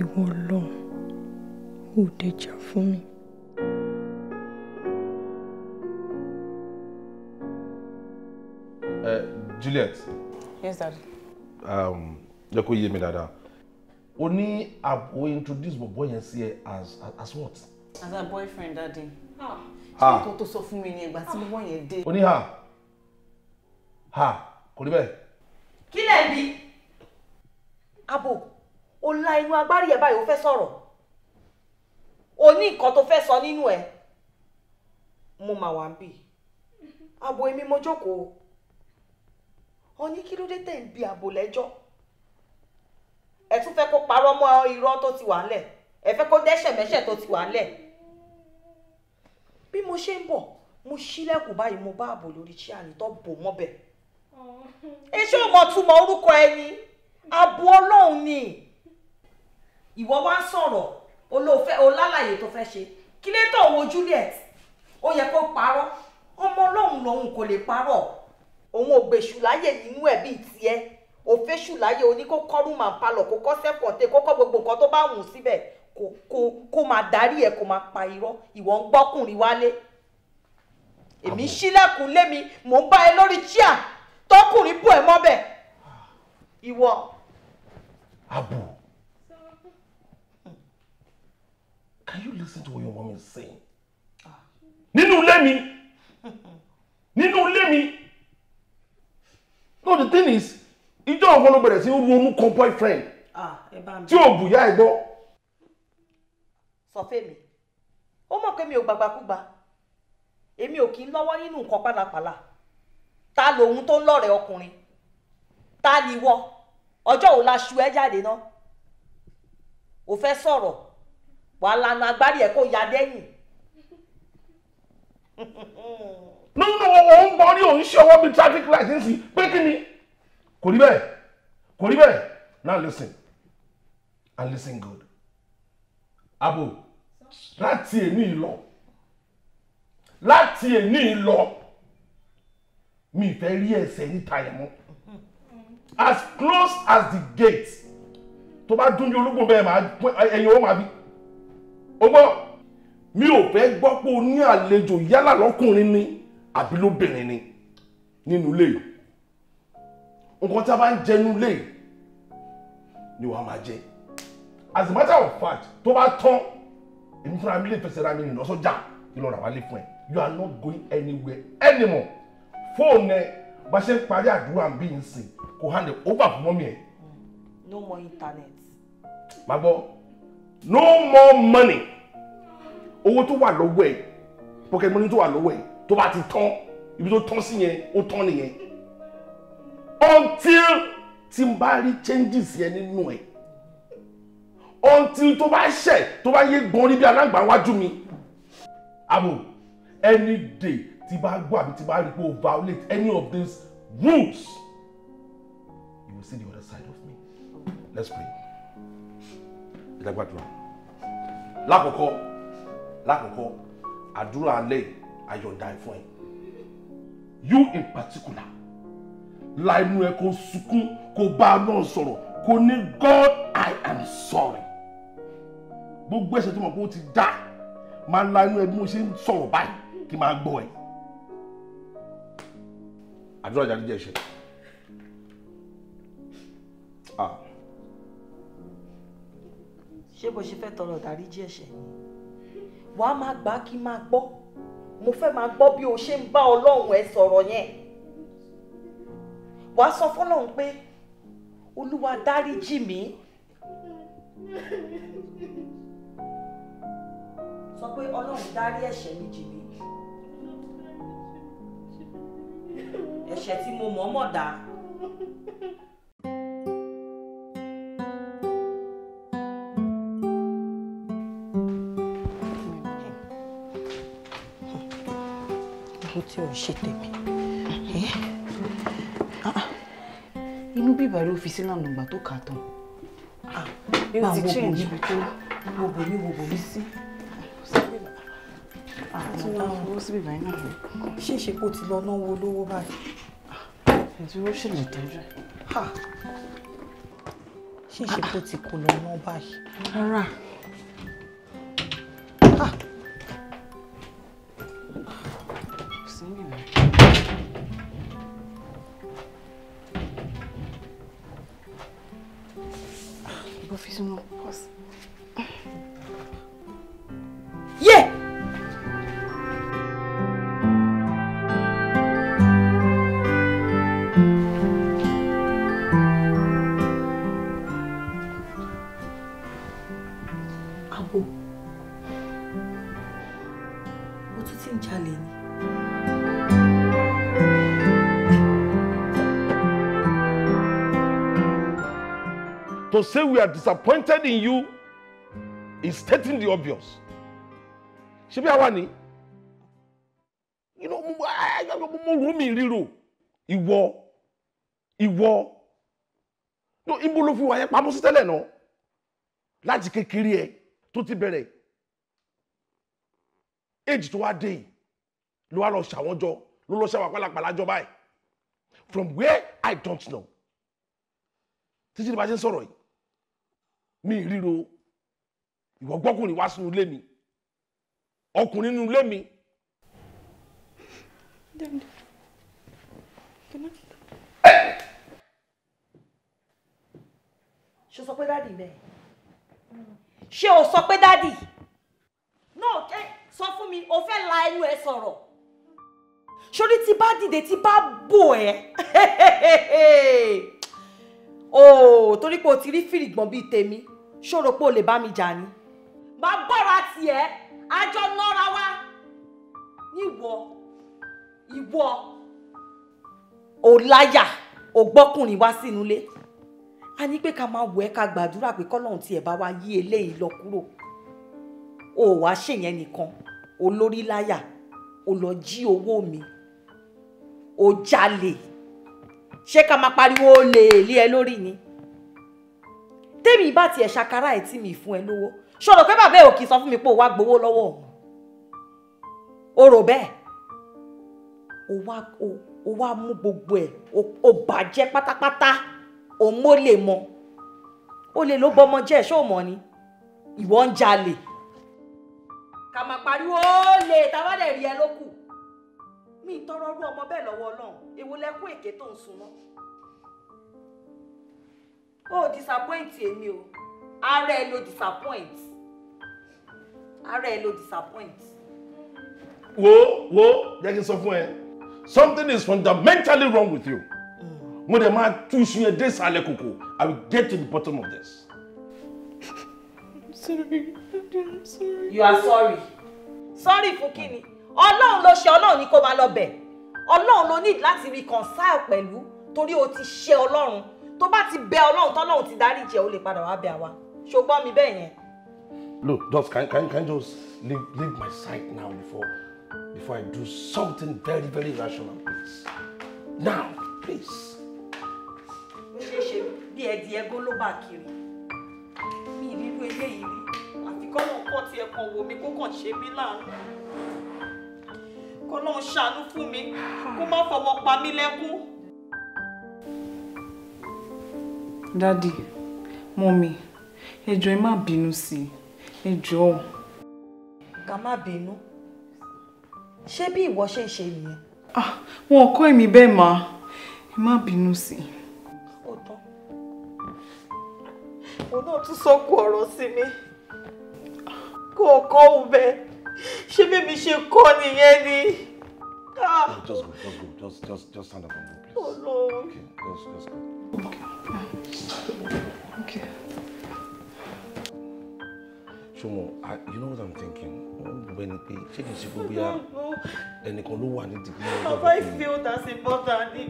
ìwọ Ọlọ́run ò dẹjà fún mi. Eh, Juliet. Yes, Daddy. Um, jẹ́ kó yé mi dáadáa. Oni abo introduce bọ̀bọ̀ yẹn sí ẹ as as what. as a boyfriend daddy. ṣé nǹkan tó sọ fún mi ni ìgbà tí bọ̀bọ̀ yẹn dé. o ha ha kò rí bẹ́ẹ̀. kí lẹ̀ bí. abo o la inú agbárí ẹ báyìí o fẹ́ sọ̀rọ̀ o ní nǹkan tó fẹ́ sọ nínú ẹ mo mà wá ń bì abo èmi mo jókòó ọ ní kí ló dé tẹ̀ ń bi abo lẹ́jọ́ ẹ tún fẹ́ kó parọ́ mọ́ irọ́ tó ti wà ńlẹ̀ ẹ fẹ́ kó dẹ́ṣẹ̀ mẹ́ṣẹ̀ tó ti wà ńlẹ̀ bí mo ṣe ń bọ̀ mo ṣílẹ̀kùn báyìí mo bá ààbò lórí chíàní tó bò mọ́bẹ̀ ẹ ṣé o mọ̀ túmọ̀ orúkọ ẹni abo ọlọ́run ni ìwọ wá ń sọ̀rọ̀ olóòfẹ́ olálàyé tó fẹ́ ṣe kí lè tó wo Juliet ó yẹ kó parọ́ ọmọ ọlọ́run lòun kò lè parọ́ òun ò gbèsù láyè nínú ẹ̀ bíi tiẹ̀ òfésù láyé o ní kó kọ́ rúmà palọ̀ kó kọ́ sẹ́kọ̀tẹ́ kó kọ́ gbogbo nǹkan tó bá wù síbẹ̀ kó máa darí ẹ̀ kó máa pa irọ́ ìwọ ń gbọ́kùnrin wálé èmi ṣílẹ̀kùn lémi mò ń bá ẹ lórí chíà tọkùnrin bù ẹ mọ́bẹ̀ ìwọ. abu can you listen to what your mom is saying nínú ilé mi nínú ilé mi no the thing is ìjọ òun ló bẹ̀rẹ̀ sí ronú kan boyfriend tí ò bùyá ẹ̀ gbọ́. sọ fẹ́mi ó mọ̀ pé mi ò gbàgbàkúgbà èmi ò kì í lọ́wọ́ nínú nǹkan pálapàla ta lòun tó ń lọ́rẹ̀ẹ́ ọkùnrin ta ni wọ́ ọjọ́ òun la ṣu ẹ́ jáde ná ò fẹ́ sọ̀rọ̀ wàá lanu agbárí ẹ̀ kó ya dẹ́yìn. nínú òun gbọ́ ní òun ṣe ọwọ́ bíi traffic light ń sìn pé kí ni kò rí bẹ́ẹ̀ kò rí bẹ́ẹ̀ now listen and listen good abo láti èní lọ láti èní lọ mi fẹ́ rí ẹsẹ̀ níta yẹn mọ́ as close as the gate tó bá dún yín ológun bẹ́ẹ̀ máa ẹ̀yin ó máa bí o gbọ́ mi ò fẹ́ gbọ́ pé o ní àlejò yálà lọ́kùnrin ni àbí lóbìnrin ni nínú ilé yìí nǹkan tí a bá ń jẹnu lé ni wàá máa jẹ as a matter of fact tó bá tán èmi fúnra mi lè fẹsẹ̀ ra mi nìyẹn sọ́jà kí lọ́ọ́ rà wá lé fún ẹ you are not going anywhere anymore fóònù ẹ bá ṣe ń parí àdúrà bí n sìn kò hand over fún mọ́mí ẹ. no more internet. má gbọ́ no more money owó tó wà lọ́wọ́ ẹ pocket money tó wà lọ́wọ́ ẹ tó bá ti tán ibi tó tán sí yẹn ó tán nìyẹn until tí n bá rí changes yẹn nínú ẹ̀ until tó bá ṣẹ̀ tó bá yé gbọ́n rí bí alágbà wájú mi abo any day tí bá gbọ́ àbí tí bá rí pé violate any of these rules you will see the other side of me let's pray ẹ̀dá gbàdúrà lákòókò lákòókò àdúrà alẹ́ àyọ̀ǹda ẹ̀fọ́ ẹ̀ you in particular la inú ẹ kó sunkún kó bá a náà sọ̀rọ̀ kó ní God I am sorry gbogbo ẹ̀ṣẹ̀ tó mọ̀ pé ó ti dá máa la inú ẹ bí mo ṣe ń sọ̀rọ̀ báyìí kí n máa gbọ́ ẹ àdúrà ìjà jẹ́ ẹ̀ṣẹ̀ ah. ṣé bó ṣe fẹ́ tọrọ ìdáríjì ẹ̀ṣẹ̀ ni wàá máa gbà kí n máa gbọ́ mo fẹ́ máa gbọ́ bí o ṣe ń bá ọlọ́run ẹ sọ̀rọ̀ yẹn wà á sọ fọlọ́run pé olúwa dáríjì mí. sọ pé ọlọ́run dárí ẹ̀ṣẹ̀ mi jì mí ẹ̀ṣẹ̀ tí mo mọ̀ọ́mọ̀ dá. ohun tí ò ṣe tèmi inú bíbá ló fi sí lánàá ìgbà tó kà á tán. bá ah, wo bò níbi tó wo bò ní ah, wo bò ní sí. ṣé ṣe kó ti lọ náwó olówó báyìí. ìdúró ṣì lè tọ́jú ṣíṣe kó ti kò lọ mọ báyìí. rárá. Ah! 什么？To say we are disappointed in you is stating the obvious. Ṣé bí àwa ni? You know, mo wò mí ríro. Ìwọ. Ìwọ. No, ibo ló fi wà yẹn pamọ́ sí tẹ́lẹ̀ náà. Láti kékeré ẹ tó ti bẹ̀rẹ̀. Age tó wá dé yìí ló wá lọ ṣàwọn jọ ló lọ ṣàwọn pálapàla jọ báyìí. From where I don't know. Títí ni bá ṣe ń sọ̀rọ̀ yìí mi ríro ìwọ gbọ́kùnrin wá sínú ilé mi ọkùnrin nínú ilé mi. ṣé o sọ pé dáàdì bẹ́ẹ̀ ṣé o sọ pé dáàdì náà ẹ sọ fún mi o fẹ́ la ẹnu ẹ sọ̀rọ̀ sórí tí bá dìde tí bá bò ẹ́. [LAUGHS] ooo oh, torí pé o ti rí fìrìgbọ̀n bíi tèmi ṣòro pé o lè bá mi jà ni. má bọ̀rọ̀ àti ẹ̀ àjọ nọ́ra wá níwọ ìwọ ò láyà ò gbọ́kùnrin wá sínú ilé a ní pé ká máa wọ ẹ́ ká gbàdúrà pé kọ́lọ́hún tiẹ̀ bá wa yí eléyìí lọ kúrò o wá ṣèyẹn nìkan olórí láyà o lọ jí owó mi o jalè ṣé ká máa pariwo olè lé ẹ lórí ni tèmi bá tiẹ̀ ṣàkárà ẹ̀ tí mi fún ẹ lówó ṣọ̀rọ̀ pé bàbá ẹ ò kì í sọ fún mi pé ó wá gbowó lọ́wọ́ òun o rò bẹ́ẹ̀ o wá o wá mú gbogbo ẹ̀ o bàjẹ́ pátápátá o mó lè mọ o lè ló bọ́mọ jẹ́ ṣó mọ̀ ni ìwọ ń jalè kà má pariwo olè tàbádẹ́rì ẹ ló kù mi ń tọrọ rú ọmọ bẹ́ẹ̀ lọ́wọ́ Ọlọ́run èwo lẹkún èké tó ń sun mọ́ ó disappoint èmi o ara ẹ ló disappoint ara ẹ ló disappoint. wo wo jẹ́ kí n sọ fún ẹ something is fundamentally wrong with you mo dẹ̀ máa tú iṣu yẹn dé ìsàlẹ̀ kòkò i will get to the bottom of this. I'm sorry Daddy, I'm sorry. you are sorry. sorry fún kí ni ọlọ́run ló ṣe ọlọ́run ni kó máa lọ bẹ̀ ọlọ́run ló need láti reconcile pẹ̀lú torí o ti ṣe ọlọ́run tó bá ti bẹ ọlọ́run tọ́lọ́run ti dáríjì ẹ́ o lè padà wá bẹ àwa ṣùgbọ́n mi bẹ́ẹ̀ yẹn. look just can can can just leave leave my side now before before I do something very very rational please now please. ó ṣeé ṣe bí ẹdìẹ gólóbà kiri mi ìrírú eléyìí àfikọ́ náà kọ́ tiẹ̀ kan wò mí kó kàn ṣe mí láàánú kọ́lọ́hún ṣàánú fún mi kó má fọwọ́ pa mí lẹ́kún. dádì mọ́mí ẹ jọ̀ọ́ ẹ má bínú sí i ẹ jọ̀ọ́. ká má bínú ṣé bí ìwọ ṣe ń ṣe nìyẹn. Ah, wọn kọ́ èmi bẹ́ẹ̀ máa ẹ má bínú sí i. ó tán òun náà tún sọ ọ̀rọ̀ sí mi kó o kọ́ òun bẹ́ẹ̀ ṣé bébí ṣe kọ́ nìyẹn ni. Ah. just go just go just just just stand up and go please. Oh, no. okay just just go. okay. ṣùgbọ́n okay. you know what i'm thinking gbogbo ẹni pé ṣé kìí ṣe gbogbo ya ẹnìkan ló wà ní dìgbì ọjọ́ ìpínlẹ̀. have i failed as a mother ni.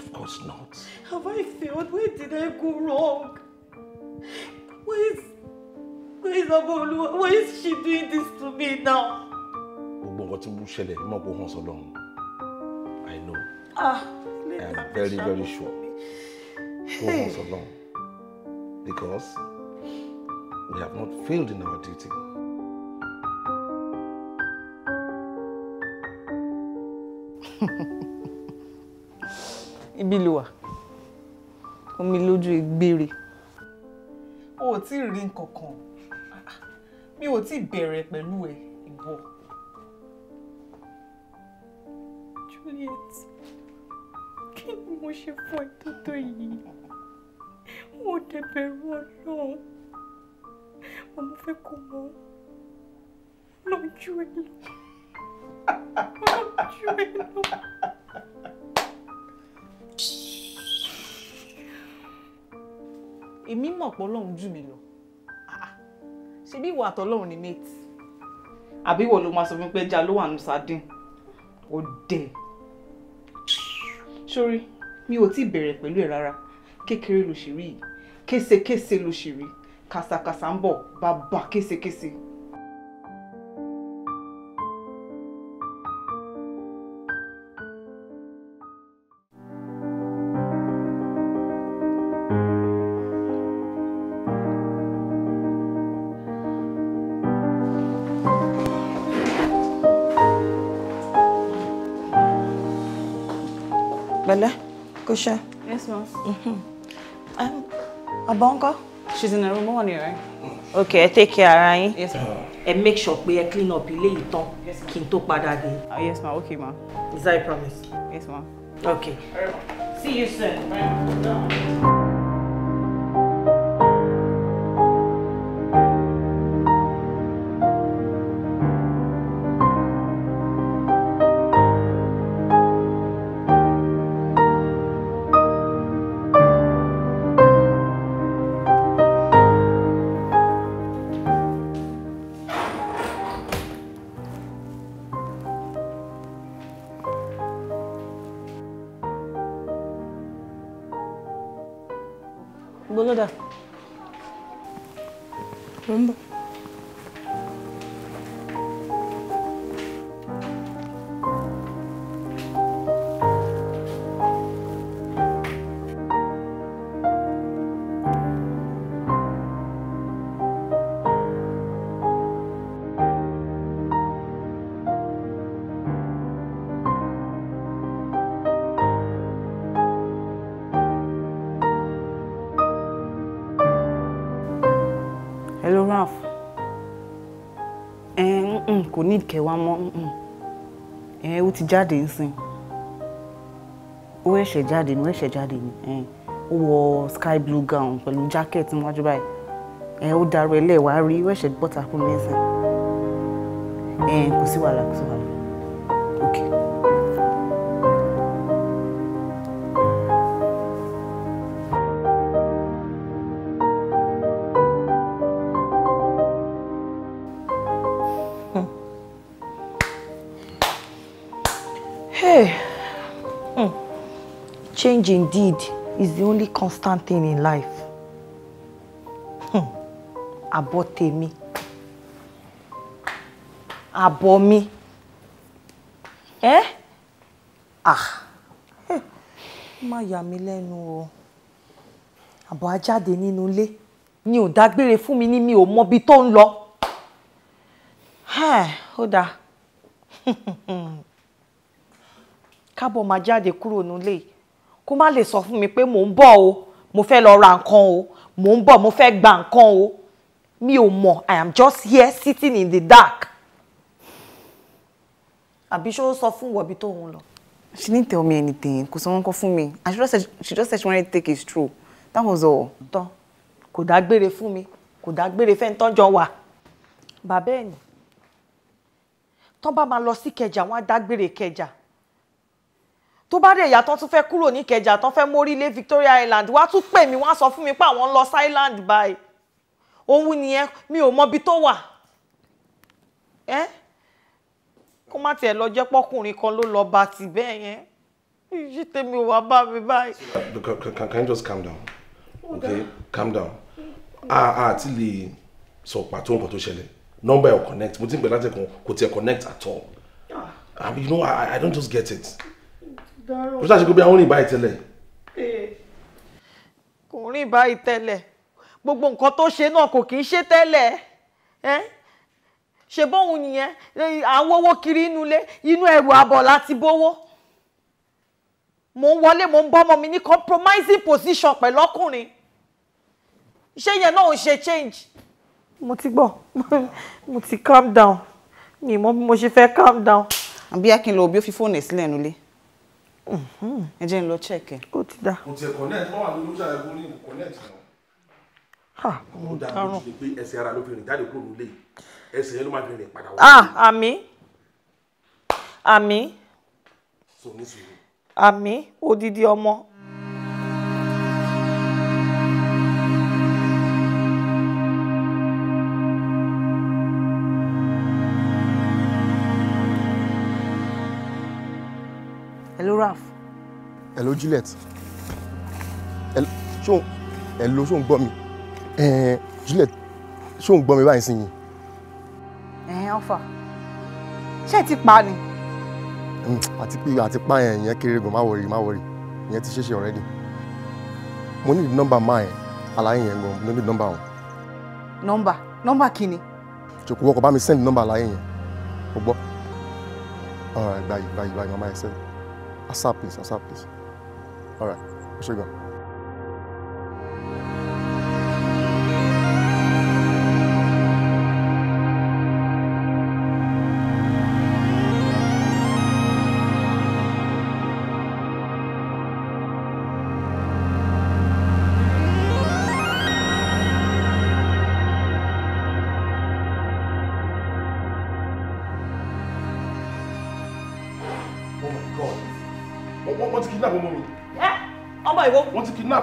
of course not. have i failed where did i go wrong. where is Please, Abolu, why is she doing this to me now? Gbogbo nǹkan tí mo ṣẹlẹ̀ ní mọ̀ hàn sọ lọ́run. I know. Ah, I am very very sure. Kó hàn sọ lọ́run. Because we have not failed in our duty. [LAUGHS] Ibi ló wà, omi lójú ìgbére. O ò tí ì rí nǹkan kan mi ò tí bẹ̀rẹ̀ pẹ̀lú ẹ ìwọ. Juliet kí ni mo ṣe fún ẹ tó tó yìí mo dẹ̀ bẹ̀rù ọlọ́run mo mú fẹ́ kó mọ lójú ẹ lọ lójú ẹ èmi mọ̀ pé ọlọ́run jù mí lọ ṣebí ìwà àtọ́lọ́run ni mate àbí ìwọ ló máa sọ fún pé ẹja ló wà nù sardine ó dẹ̀ sórí mi ò tí ì bẹ̀rẹ̀ pẹ̀lú ẹ̀ rárá kékeré ló ṣì rí yìí késekése ló ṣì rí kàsàkàsà ń bọ̀ bàbá késekése. Kusha. Yes, ma'am. Mm-hmm. Um, Abonko? She's in the room. Wọ́n ní right? Okay, take care ara Yes, ma'am. And make sure we clean up ilé yìí tán kí n oh, Yes, ma'am. Okay, ma'am. Is that a promise? Yes, ma'am. Okay. Right, okay. See you soon. Bye. kò ní ìkẹwàá mọ́ ẹ ó ti jáde nsìn ó ẹ̀ṣẹ̀ jáde ni ó ẹ̀ṣẹ̀ jáde ni ó wọ sky blue gown pẹ̀lú jacket, níwájú báyìí ẹ ó darú ẹ lẹ́ẹ̀wá rí ó ẹ̀ṣẹ̀ bọ́ta kú lẹ́sìn ẹ kò sí wàhálà kò sí wàhálà okay. Change indeed is the only constant thing in life. Hmm. Àbọ̀ tèmi. Àbọ̀ mi. Eh? ah Ma hmm. ya mí lẹ́nu o àbọ̀ ajáde nínú ilé ni o dágbére fún mi ni mi ò mọbi tó ń lọ eh, ó dáa [LAUGHS] kábọ̀ máa jáde kúrò nílé yìí kó má lè sọ fún mi pé mò ń bọ̀ o mo fẹ́ lọ ra nǹkan o mò ń bọ̀ mo fẹ́ gba nǹkan o mi ò mọ̀ i am just here sitting in the dark àbí ṣó sọ fún wọ̀bí tó ń lọ. she didn't tell me anything kò sọ wọn kọ fún mi and she just said she just said she wanted to take a stroll that was all. tán kò dágbére fún mi kò dágbére fẹ́ ń tọ́jọ́ wà. bàbá ẹ̀ ní tán bá máa lọ sí kẹjà wọn á dágbére kẹjà tó bá dẹ̀ yàtọ̀ tún fẹ́ kúrò ní Ìkẹjà tán fẹ́ mórí lé Victoria Island wá tún pè mí wá sọ fún mi pé àwọn ń lọ sí Island báyìí òun nìyẹn mi ò mọbi tó wà ẹ kó má tiẹ̀ lọ jẹ́ pọ́kùnrin kan ló lọ bá ti bẹ́ẹ̀ yẹn ṣé tèmi ò wá bá mi báyìí. can can you just calm down okay calm down a a ti lè sọ pàtó nǹkan tó ṣẹlẹ̀ number ẹ̀ connect mo ti ń pè láti ẹ̀kan kò tiẹ̀ connect at all ah. you know I, I don't just get it kò sáà ṣe pé bí àwọn oníbàá ìtẹ́lẹ̀. Eh. kò rí ìbá ìtẹ́lẹ̀ gbogbo nǹkan tó ṣe náà kò kì í ṣe tẹ́lẹ̀ ṣe bóun nìyẹn àwọn owó kiri inú ilé inú ẹrù àbọ̀ láti bówó mò ń wọlé mò ń bọ́ ọmọ mi ní compromising position pẹ̀lú ọkùnrin ṣé yẹn náà ò ṣe change. mo ti gbọ́ [LAUGHS] mo ti calm down mi mọ bí mo ṣe fẹ́ calm down. àbí akin lo òbí ó fi fóònù ẹ̀ sílẹ̀ nulẹ̀. Mm-hmm. ẹ jẹ́ n lọ check ẹ̀. ó ti dá. mo ti ẹ̀ connect wọ́n wà ní olóṣà ẹ̀kọ́ ní connect náà. ha mo dáràn. mo dàgbò pé ẹsẹ̀ ara ló fi rìn jáde kúrò nílé ẹsẹ̀ yẹn ló máa fi rìn padà wá. ah àmì àmì àmì odidi ọmọ hello Juliet hello ṣó ń gbọ́ mi Juliet ṣó ń gbọ́ mi báyìí sìn yìí. ẹ̀hìn ọ̀fà ṣé ẹ ti pa ni. Hm, àti pé àti pa yẹn ìyẹn kéré gan má wọrí má wọrí ìyẹn ti ṣeéṣe already mo ní nọ́mbà máa yẹn àlàyé yẹn gan mo ní nọ́mbà wọn. nọ́mbà nọ́mbà kí ni. ṣòkò wọkọ̀ bá mi send nọ́mbà àlàyé yẹn o gbọ́. all right bye bye bye mama ẹ send asap please asap please. All right, I should go.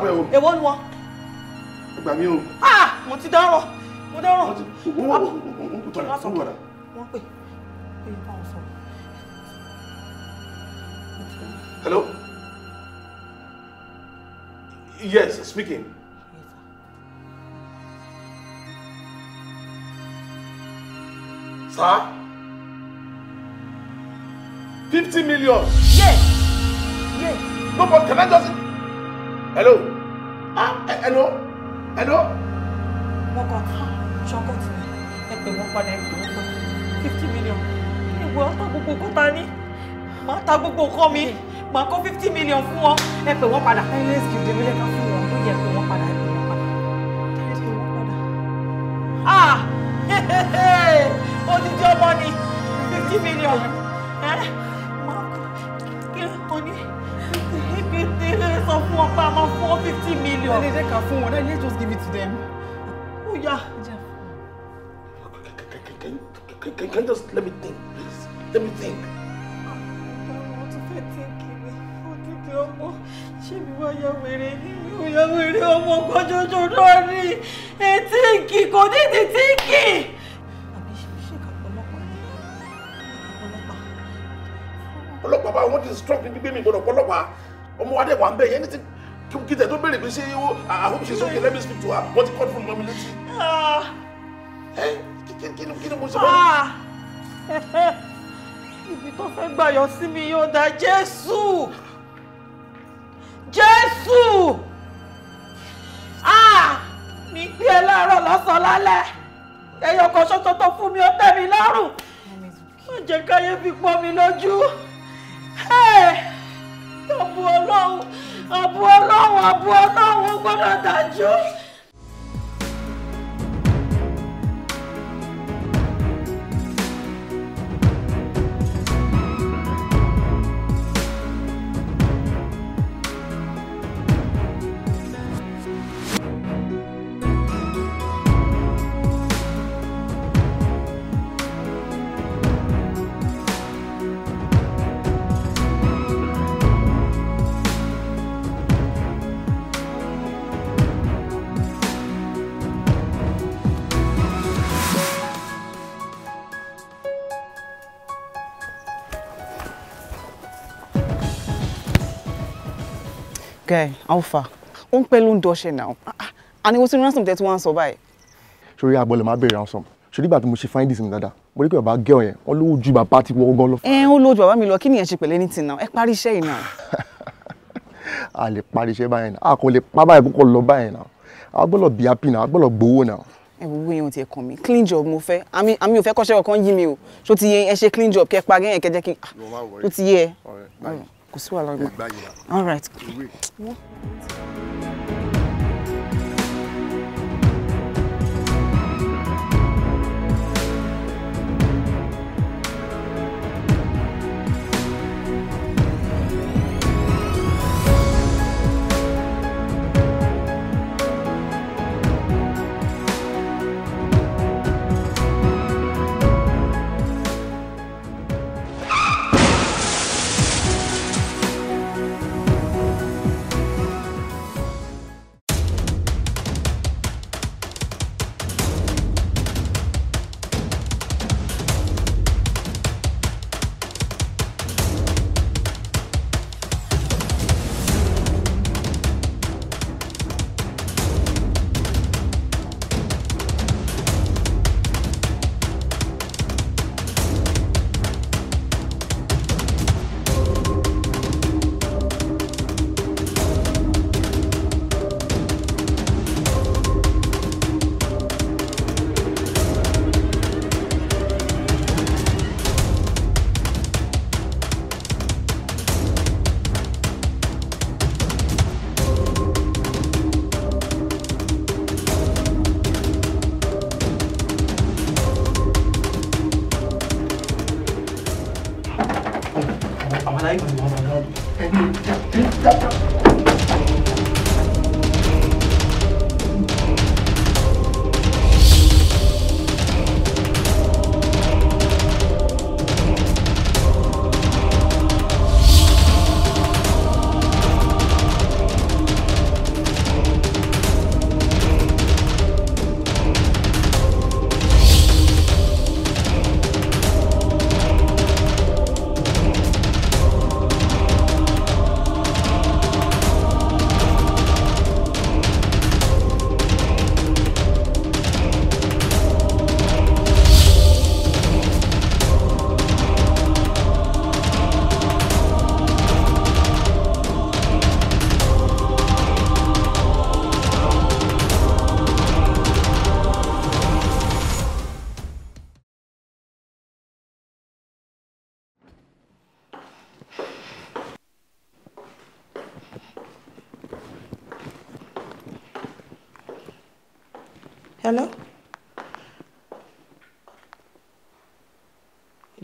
pẹ́ o. èwo ni wọn. ẹ gbà o. ah mo ti dárò mo dárò. wọ́n ti wọ́n wọ́n tọ̀lẹ̀ wọ́n wọ̀dà. wọ́n pè é bá wọn sọ. hello. yes speaking. sir fifty million. yes yes. no but can I just. hello ẹ̀ló ah, eh, ẹ̀ló. wọ́n kàn tán ṣọ́kọ̀ tì mí ẹ pè wọ́n padà ẹ pè wọ́n padà fifty million ìwé ọ̀tá gbogbo kọ́ta ní màá ta gbogbo nǹkan mi màá kó fifty million fún wọn ẹ pè wọ́n padà ẹ lè ṣì dèbí lẹ́ka fún wọn ló yẹ pé wọ́n padà ẹ pè wọ́n padà ẹ pè wọ́n padà. ah [LAUGHS] odidi ọmọ ni fifty million. sọ fún wọn pé a máa fún wọn fifty million. ẹ lè jẹ́ ká fún wọn then let's just give it to them. ó yá. Can, can just let me think, please? Let me think. Àwọn tó fẹ́ tíǹkì ni, ó tíǹkì ọmọ. Ṣé mi wá ya wèrè ní ìyá wèrè ọmọ kan jọjọ náà rí? Ẹ tíǹkì kò ní ti tíǹkì. Àbí ṣe ká ọlọ́pàá ni? Ọlọ́pàá. Ọlọ́pàá bá wọ́n ti strọ́ọ̀kì gbígbé mi gbọ́dọ̀ pọ́lọ́pàá ọmọ wa dẹ̀ wà ń bẹ̀ yẹn ní ti kí tẹ̀ tó béèrè pé ṣé I hope she's okay let me speak to her wọ́n ti cut fún mọ́mi létí. Ah. ẹ kí ni mo ṣe ah. [LAUGHS] ibi tó fẹ́ gbàyọ̀ sí mi yóò dá Jésù Jésù ah, mi gbé ẹ láàárọ̀ lọ́sàn-án lálẹ́ ẹyọ kan ṣoṣo tó fún mi ó tẹ́ mi lọ́rùn ó jẹ́ káyé fi pọ́n mi lójú. Hey! àbú ọlọ́run àbú ọlọ́run àbú ọlọ́run gbọ́dọ̀ dájú. guy how far ó ń pẹ́ ló ń dọ́ṣẹ́ náà àníwó tí ransom tẹ́ tí wọ́n ń sọ báyìí. sori agbọ́lẹ̀ máa bèrè ransom sori ìgbà tí mo ṣe find this mi dáadáa mo rí pé bàbá gẹ́ ọ̀yẹn wọ́n lówó ju bàbá ti wọ́ gan lọ. ẹ ó lójú bàbá mi lọ kí nìyẹn ṣe pẹ̀lẹ́ ní ti náà ẹ parí iṣẹ́ yìí náà. [LAUGHS] a lè parí iṣẹ́ báyẹn náà a kò lè pa báyẹn kókó lọ báyẹn náà a gbọ́dọ̀ bí happy now. a gbọ́dọ̀ gbowó náà. now. Eh, we o ti ẹ kàn clean job mo fẹ́ àmì ò fẹ́ kọ́ṣẹ́ ọkàn yí mi o ṣó ti yẹ ẹ ṣe clean job kẹ pa gẹ́yẹn kẹjẹ kí n tó ti yẹ ẹ kò sí wàhálà gbà all right.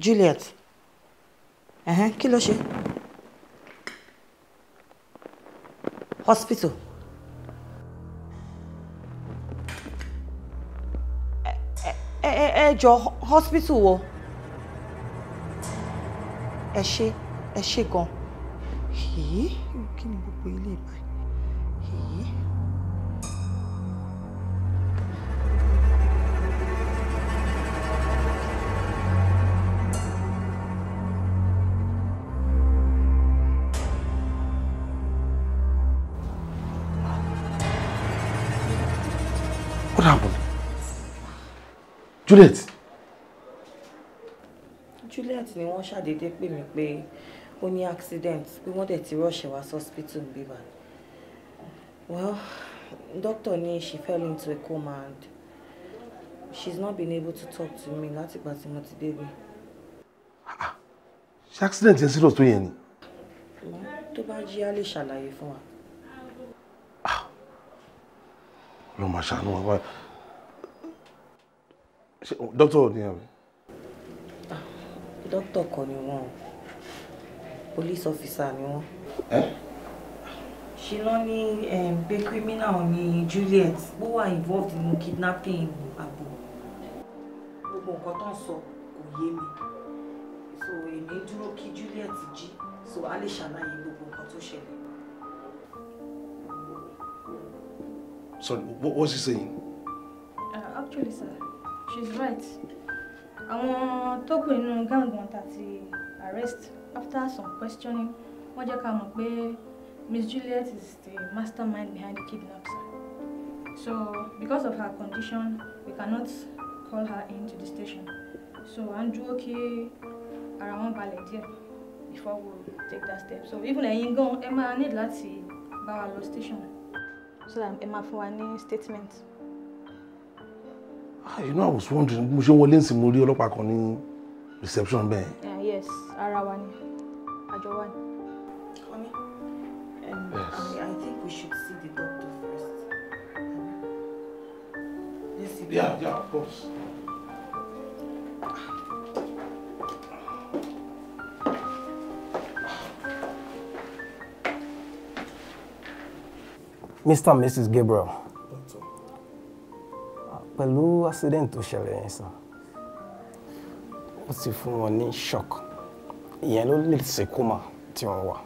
Juliet ẹ̀hẹ́n kí ló ṣe hospital. ẹ ẹ jọ hospital wo ẹ ṣe ẹ ṣe gan-an. Juliet. Juliet ni wọ́n ṣàdédé pè mí pé ó ní accident pé wọ́n dẹ̀ ti rush wá hospital bíbá. Well, doctor ní she fell into a coma and she's not been able to talk to me látìgbà tí mo ti débí. Ah, ah. Ṣé accident yẹn serious tó yẹn ni? Tó bá jí á lè ṣàlàyé fún wa. Ah. Lọ màá ṣàánú wa ṣe dókítà ni àbí. dókítà kọ́ ni wọ́n police officer ni wọ́n. ṣe lọ ní pé criminal ni Juliet ó wà involved nínú kidnapping àbò gbogbo nǹkan tó ń sọ kò yé mi so èmi dúró kí Juliet jí so a lè ṣàlàyé gbogbo nǹkan tó ṣẹlẹ̀. Sorry, what was he saying? Uh, actually, sir she's right àwọn tó kù nínú gang wọn tàti arrest after some questioning wọ́n jẹ́ ká mọ̀ pé Miss Juliet is the mastermind behind the kidnap so because of her condition we cannot call her into the station so à ń dúró kí ara wọn balẹ̀ díẹ̀ before we take that step so even ẹ̀yin gan ẹ máa need láti bá wa lọ station so that ẹ máa fún wa ní statement ah you know i was wondering mo ṣe wọlé nsìn mo rí ọlọ́pàá kan ní reception bẹ́ẹ̀. yes ara wa ni àjọ wa ni. honey um, yes. I, i think we should see the doctor first. Yes, yeah, yeah, of course. Mr. and Mrs. Gabriel pẹ̀lú accident tó ṣẹlẹ̀ yẹn sàn ó ti fún wọn ní shock ìyẹn ló lè ṣe coma tí wọ́n wà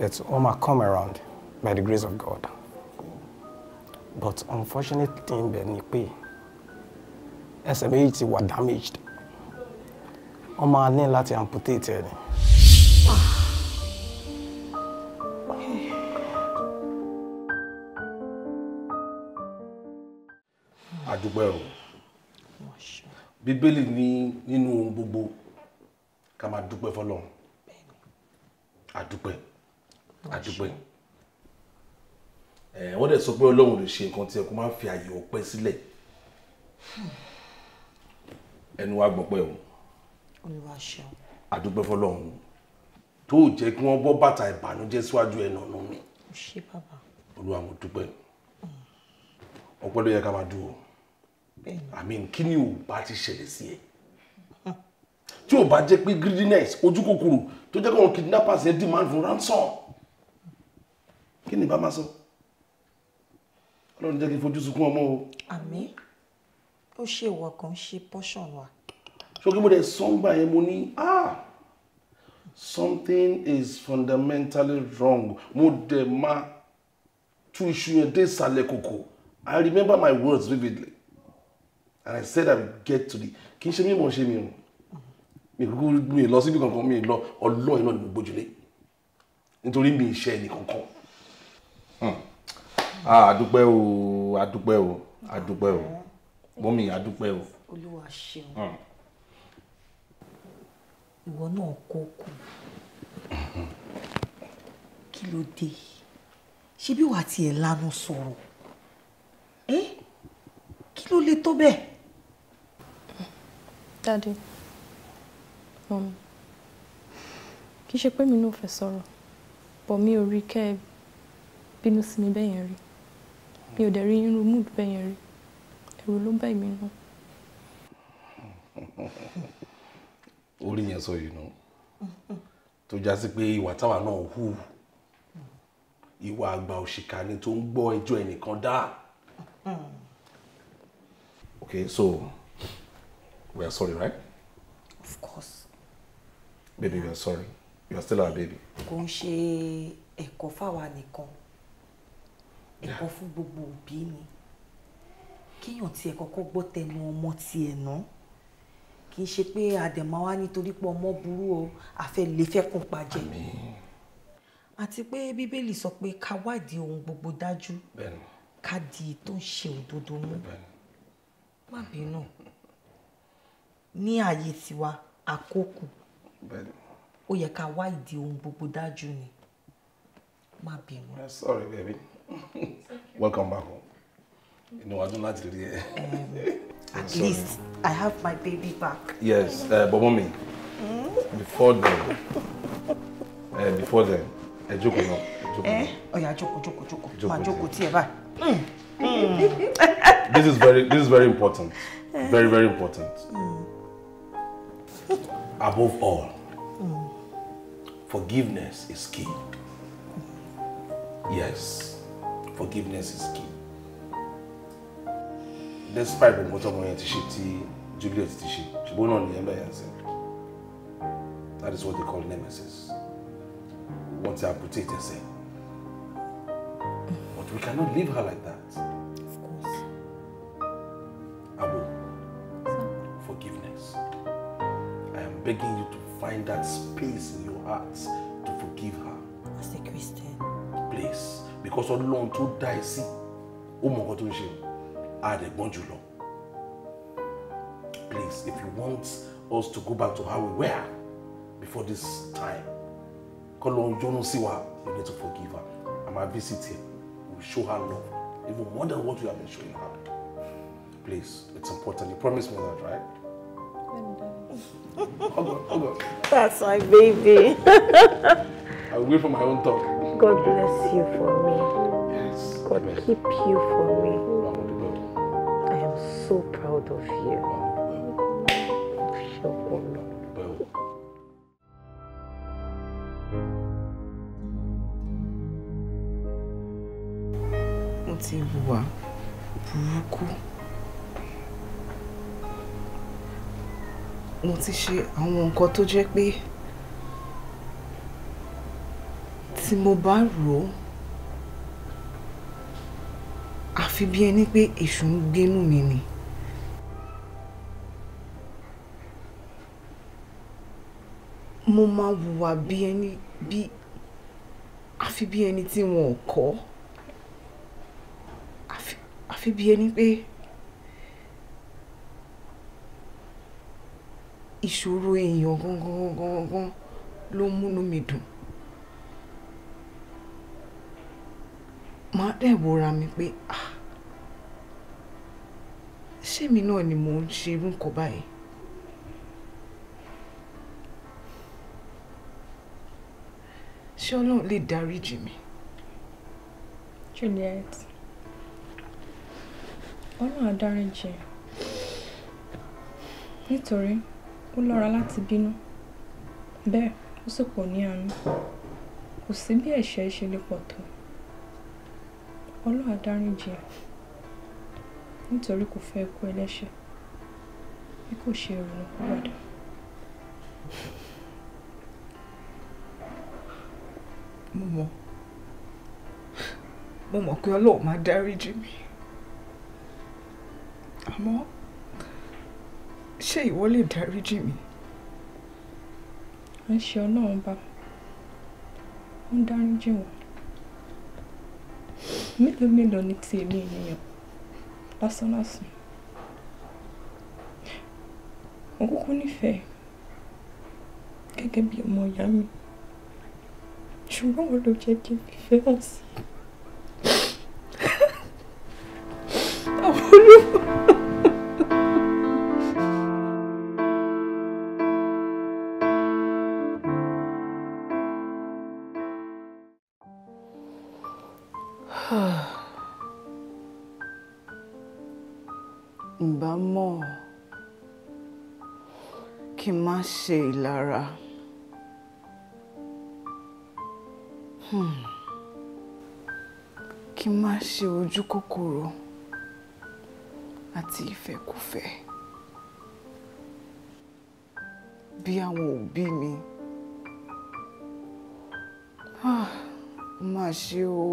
but wọ́n máa come around by the grace of God but unfortunate thing bẹ̀ ni pé ẹsẹ̀ méjì ti wà damaged wọ́n máa ní láti amputate ẹni. dúpẹ́ o bíbélì ní nínú ohun gbogbo ká máa dúpẹ́ fọlọ́run àdúpẹ́ àdúpẹ́ ẹ wọ́n dẹ̀ sọ pé ọlọ́run lè ṣe nǹkan tí ẹ kó máa fi àyè ọpẹ́ sílẹ̀ ẹnu wa gbọ́pẹ́ o àdúpẹ́ fọlọ́run tó jẹ́ kí wọ́n bọ́ bàtà ìbànújẹ́ síwájú ẹnu ọ̀nà mi olúwa mo dúpẹ́ mm. ọpẹ́ ló yẹ ká máa dúró àmì kí ni ò bá ti ṣẹlẹ̀ sí ẹ tí ò bá jẹ́ pé greediness ojú kòkòrò tó jẹ́ káwọn kidnappers yẹn demand for ransom kí ni bá máa sọ ọlọ́run jẹ́ kí n fojú sunkún ọmọ o. àmín ó ṣe ìwọ kan ṣe portion wa. ṣókè mo dẹ̀ sọ́ngbà yẹn mo ní ah, something is fundamentally wrong mo dẹ̀ máa tú iṣu yẹn dé ìsàlẹ̀ kòkò I remember my words vividly and I said I will get to the kì í ṣe mímọ̀ ṣe mi o mi kúkú mi lọ síbi kankan mi lọ ọlọ́ọ̀ iná ni mo gbójúlé nítorí mi ìṣe ẹnì kankan. àdúpẹ́ hmm. o àdúpẹ́ o àdúpẹ́ o mọ́mí àdúpẹ́ o. olúwa ṣeun hmm. ìwọ náà kó kù kí ló dé ṣé bí wàá tiẹ̀ lanu sọ̀rọ̀ eh? kí ló lè tó bẹ́ẹ̀. Daddy, mọ̀mí, kì í ṣe pé mi náà fẹ́ sọ̀rọ̀, bọ̀ mi ò rí kẹ́ ẹ bínú sí mi bẹ́yẹn rí. Mi ò dẹ̀ rí irú mood bẹ́yẹn rí. Ẹ̀rù ló bá èmi náà. [LAUGHS] Orí yẹn sọ yìí nù. Tó já sí pé ìwà táwa náà hù. Ìwà àgbà òṣìkà ni tó ń gbọ́ ẹjọ́ ẹnìkan dá. Mm-hmm. Okay, so. We are sorry, right? Of course. Baby, we are sorry. You are still our baby. Kò eko ṣe ẹ̀kọ́ fáwa nìkan. Ẹ̀kọ́ fún gbogbo òbí ni. Kéèyàn tiẹ̀ kọ́kọ́ gbọ́ tẹnu ọmọ tiẹ̀ náà. Kì í ṣe pé àdẹ̀mọ́ wa nítorí pé ọmọ buru o, àfẹ́ lè fẹ́ kún pa jẹ. Àmín. Àti pé Bíbélì sọ pé ká wádìí ohun gbogbo dájú. Bẹ́ẹ̀ni. Ká di tó ń ṣe òdodo mú. Bẹ́ẹ̀ni. Má bínú ní ààyè tiwa àkókò ó yẹ ká wá ìdí ohun gbogbo dájú ni má bínú. sorry baby welcome back home inú wa dùn láti rí ẹ. at sorry. least i have my baby back. yes uh, but hmm? before then uh, before then ẹ jókòó náà jókòó eh? náà. ọ̀yà oh jókòó jókòó jókòó máa jókòó tí ẹ this is very this is very important eh? very very important. Mm above all, mm. forgiveness is key. Yes, forgiveness is key. Despite the tí ọmọ yẹn ti ṣe tí Juliet ti ṣe, ṣùgbọ́n náà nìyẹn bẹ́ẹ̀ That is what they call nemesis. Wọ́n ti amputate ẹsẹ̀. But we cannot leave her like that. Of course. Abo. begging you to find that space in your heart to forgive her. As a Christian. Please, because Ọlọ́run tó dá ẹ see, ó mọ nǹkan tó ń ṣe, á Please, if you want us to go back to how we were before this time, kọ́lọ́run yọ́nú sí wa, you need to forgive her. Àmà visit her, we show her love, even more than what we have been showing her. Please, it's important. You promise me that, right? That's my baby. I will wait for my own talk. God bless you for me. Yes. God Amen. keep you for me. I am so proud of you. Mo ti wà burúkú. mo ti ṣe àwọn nǹkan tó jẹ́ pé tí mo bá rò ó àfi bí ẹni pé èṣù ń gbénú mi ni. mo máa hùwà bí ẹni bí àfi bí ẹni tí wọn ò kọ́ àfi bí ẹni pé. Pe... ìṣòro èèyàn gangan gangan ló múnú mi dùn màá dẹ̀ wòra mi pé ah ṣémi náà ni mò ń ṣe irú nǹkan báyìí. ṣé ọlọ́run lè dáríjì mi. Juliet ọlọ́run á dáríjì nítorí ó lọ́ra láti bínú bẹ́ẹ̀ ó sì pọ̀ ní àánú kò sí bí ẹ̀ṣẹ̀ ṣe lè pọ̀ tó ọlọ́run á dáríjì ẹ́ nítorí kò fẹ́ ikú ẹlẹ́ṣẹ̀ bí kò ṣe ìrònú púpàdà. mo mọ̀ mo mọ̀ pé ọlọ́run máa dáríjì mi àmọ́ ṣé ìwọ lè dáríjì mí. à ń ṣe ọlọ́run bá ó ń dáríjì wọn mélòó mélòó ní ti èmi ènìyàn lásán lásán mo kúkú nífẹ̀ẹ́ gẹ́gẹ́ bí ọmọ ìyá mi ṣùgbọ́n wọn ló jẹ́ kí n fẹ́ sí i. ìfẹ́kúrò àti ìfẹ́kúfẹ́ bí àwọn òbí mi ah, máa ṣe o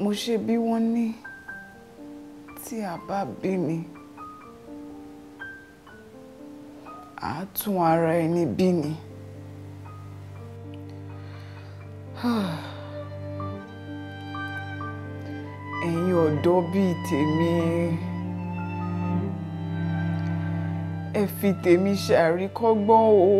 mo ṣe bí wọ́n ní tí a bá bí mi àá tún ara ẹni bí ni. Ah, ọ̀dọ́ bíi tèmi ẹ fi tèmi ṣàríkọ́gbọ́n o.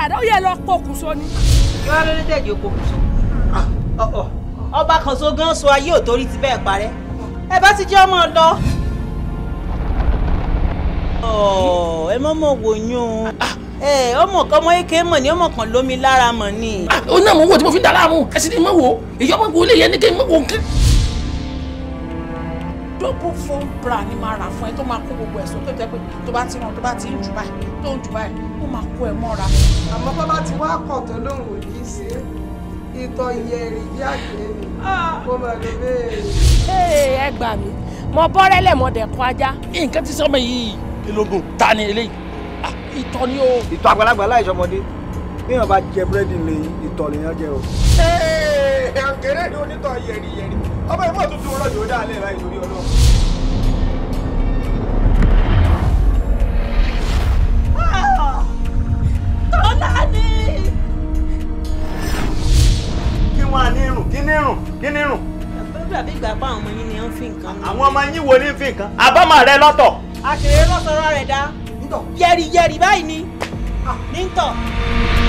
dáadáa ó yẹ lọ pokùnso ni. kí wàá lórí pokùnso. Ah, oh, oh. ọba kan so gan so ayé ò ti bẹ́ẹ̀ parẹ́ ẹ bá ti jẹ́ ọmọ lọ. Oh, ẹ mọ́ mọ́ wò yún ah. ọmọ kan ọmọ eke mọ̀ ní ọmọ kan lómi lára mọ̀ ni. Ah, ó náà mo wo tí mo fi ń dà láàmú ẹ sì ni mo wo èyí ọmọ kò lè yẹ ní kí n mọ̀ wò kí double foam bra ni máa rà fún ẹ tó máa kó gbogbo ẹ̀ sókè tó ẹ pé tó bá ti ràn tó bá ti ń jù báyìí tó ń jù báyìí ó máa kó ẹ mọ́ra. àmọ́ bá bá ti wá kọ̀ tó lóun ò yí sí ìtọ̀ ìyẹ̀rì bí àgbẹ̀ ni kó ah. máa lọ bẹ́ẹ̀. ẹ gbà mí mo bọ́rẹ́lẹ̀ mo dẹ̀ kọ ajá. nǹkan ti sọmọ yìí elógun ta ni eléyìí ah, ìtọ̀ ni o. ìtọ̀ àgbàlagbà láìsọmọdé bíyàn bá jẹ búrẹ́dì lè ìtọ̀ lèèyàn jẹ o. ẹ̀ẹ́dẹ̀ẹ́dẹ̀ ọba ìmọ̀ tó fi wọ́n rọ̀jò dáalẹ̀ rà ìlórí ọlọ́run. Tọ́lání. Ah! kí wọ́n á ní irun kí ní irun kí ní irun. àbí ìgbà pa àwọn ọmọ yín ni wọ́n fi nǹkan. àwọn ọmọ yín wo ni fi nǹkan àbámọ̀ rẹ lọ́tọ̀. àkèrè lọ́sọ̀rọ̀ rẹ̀ dá yẹ̀rìyẹ̀rì báyìí ni ah. ní tọ̀.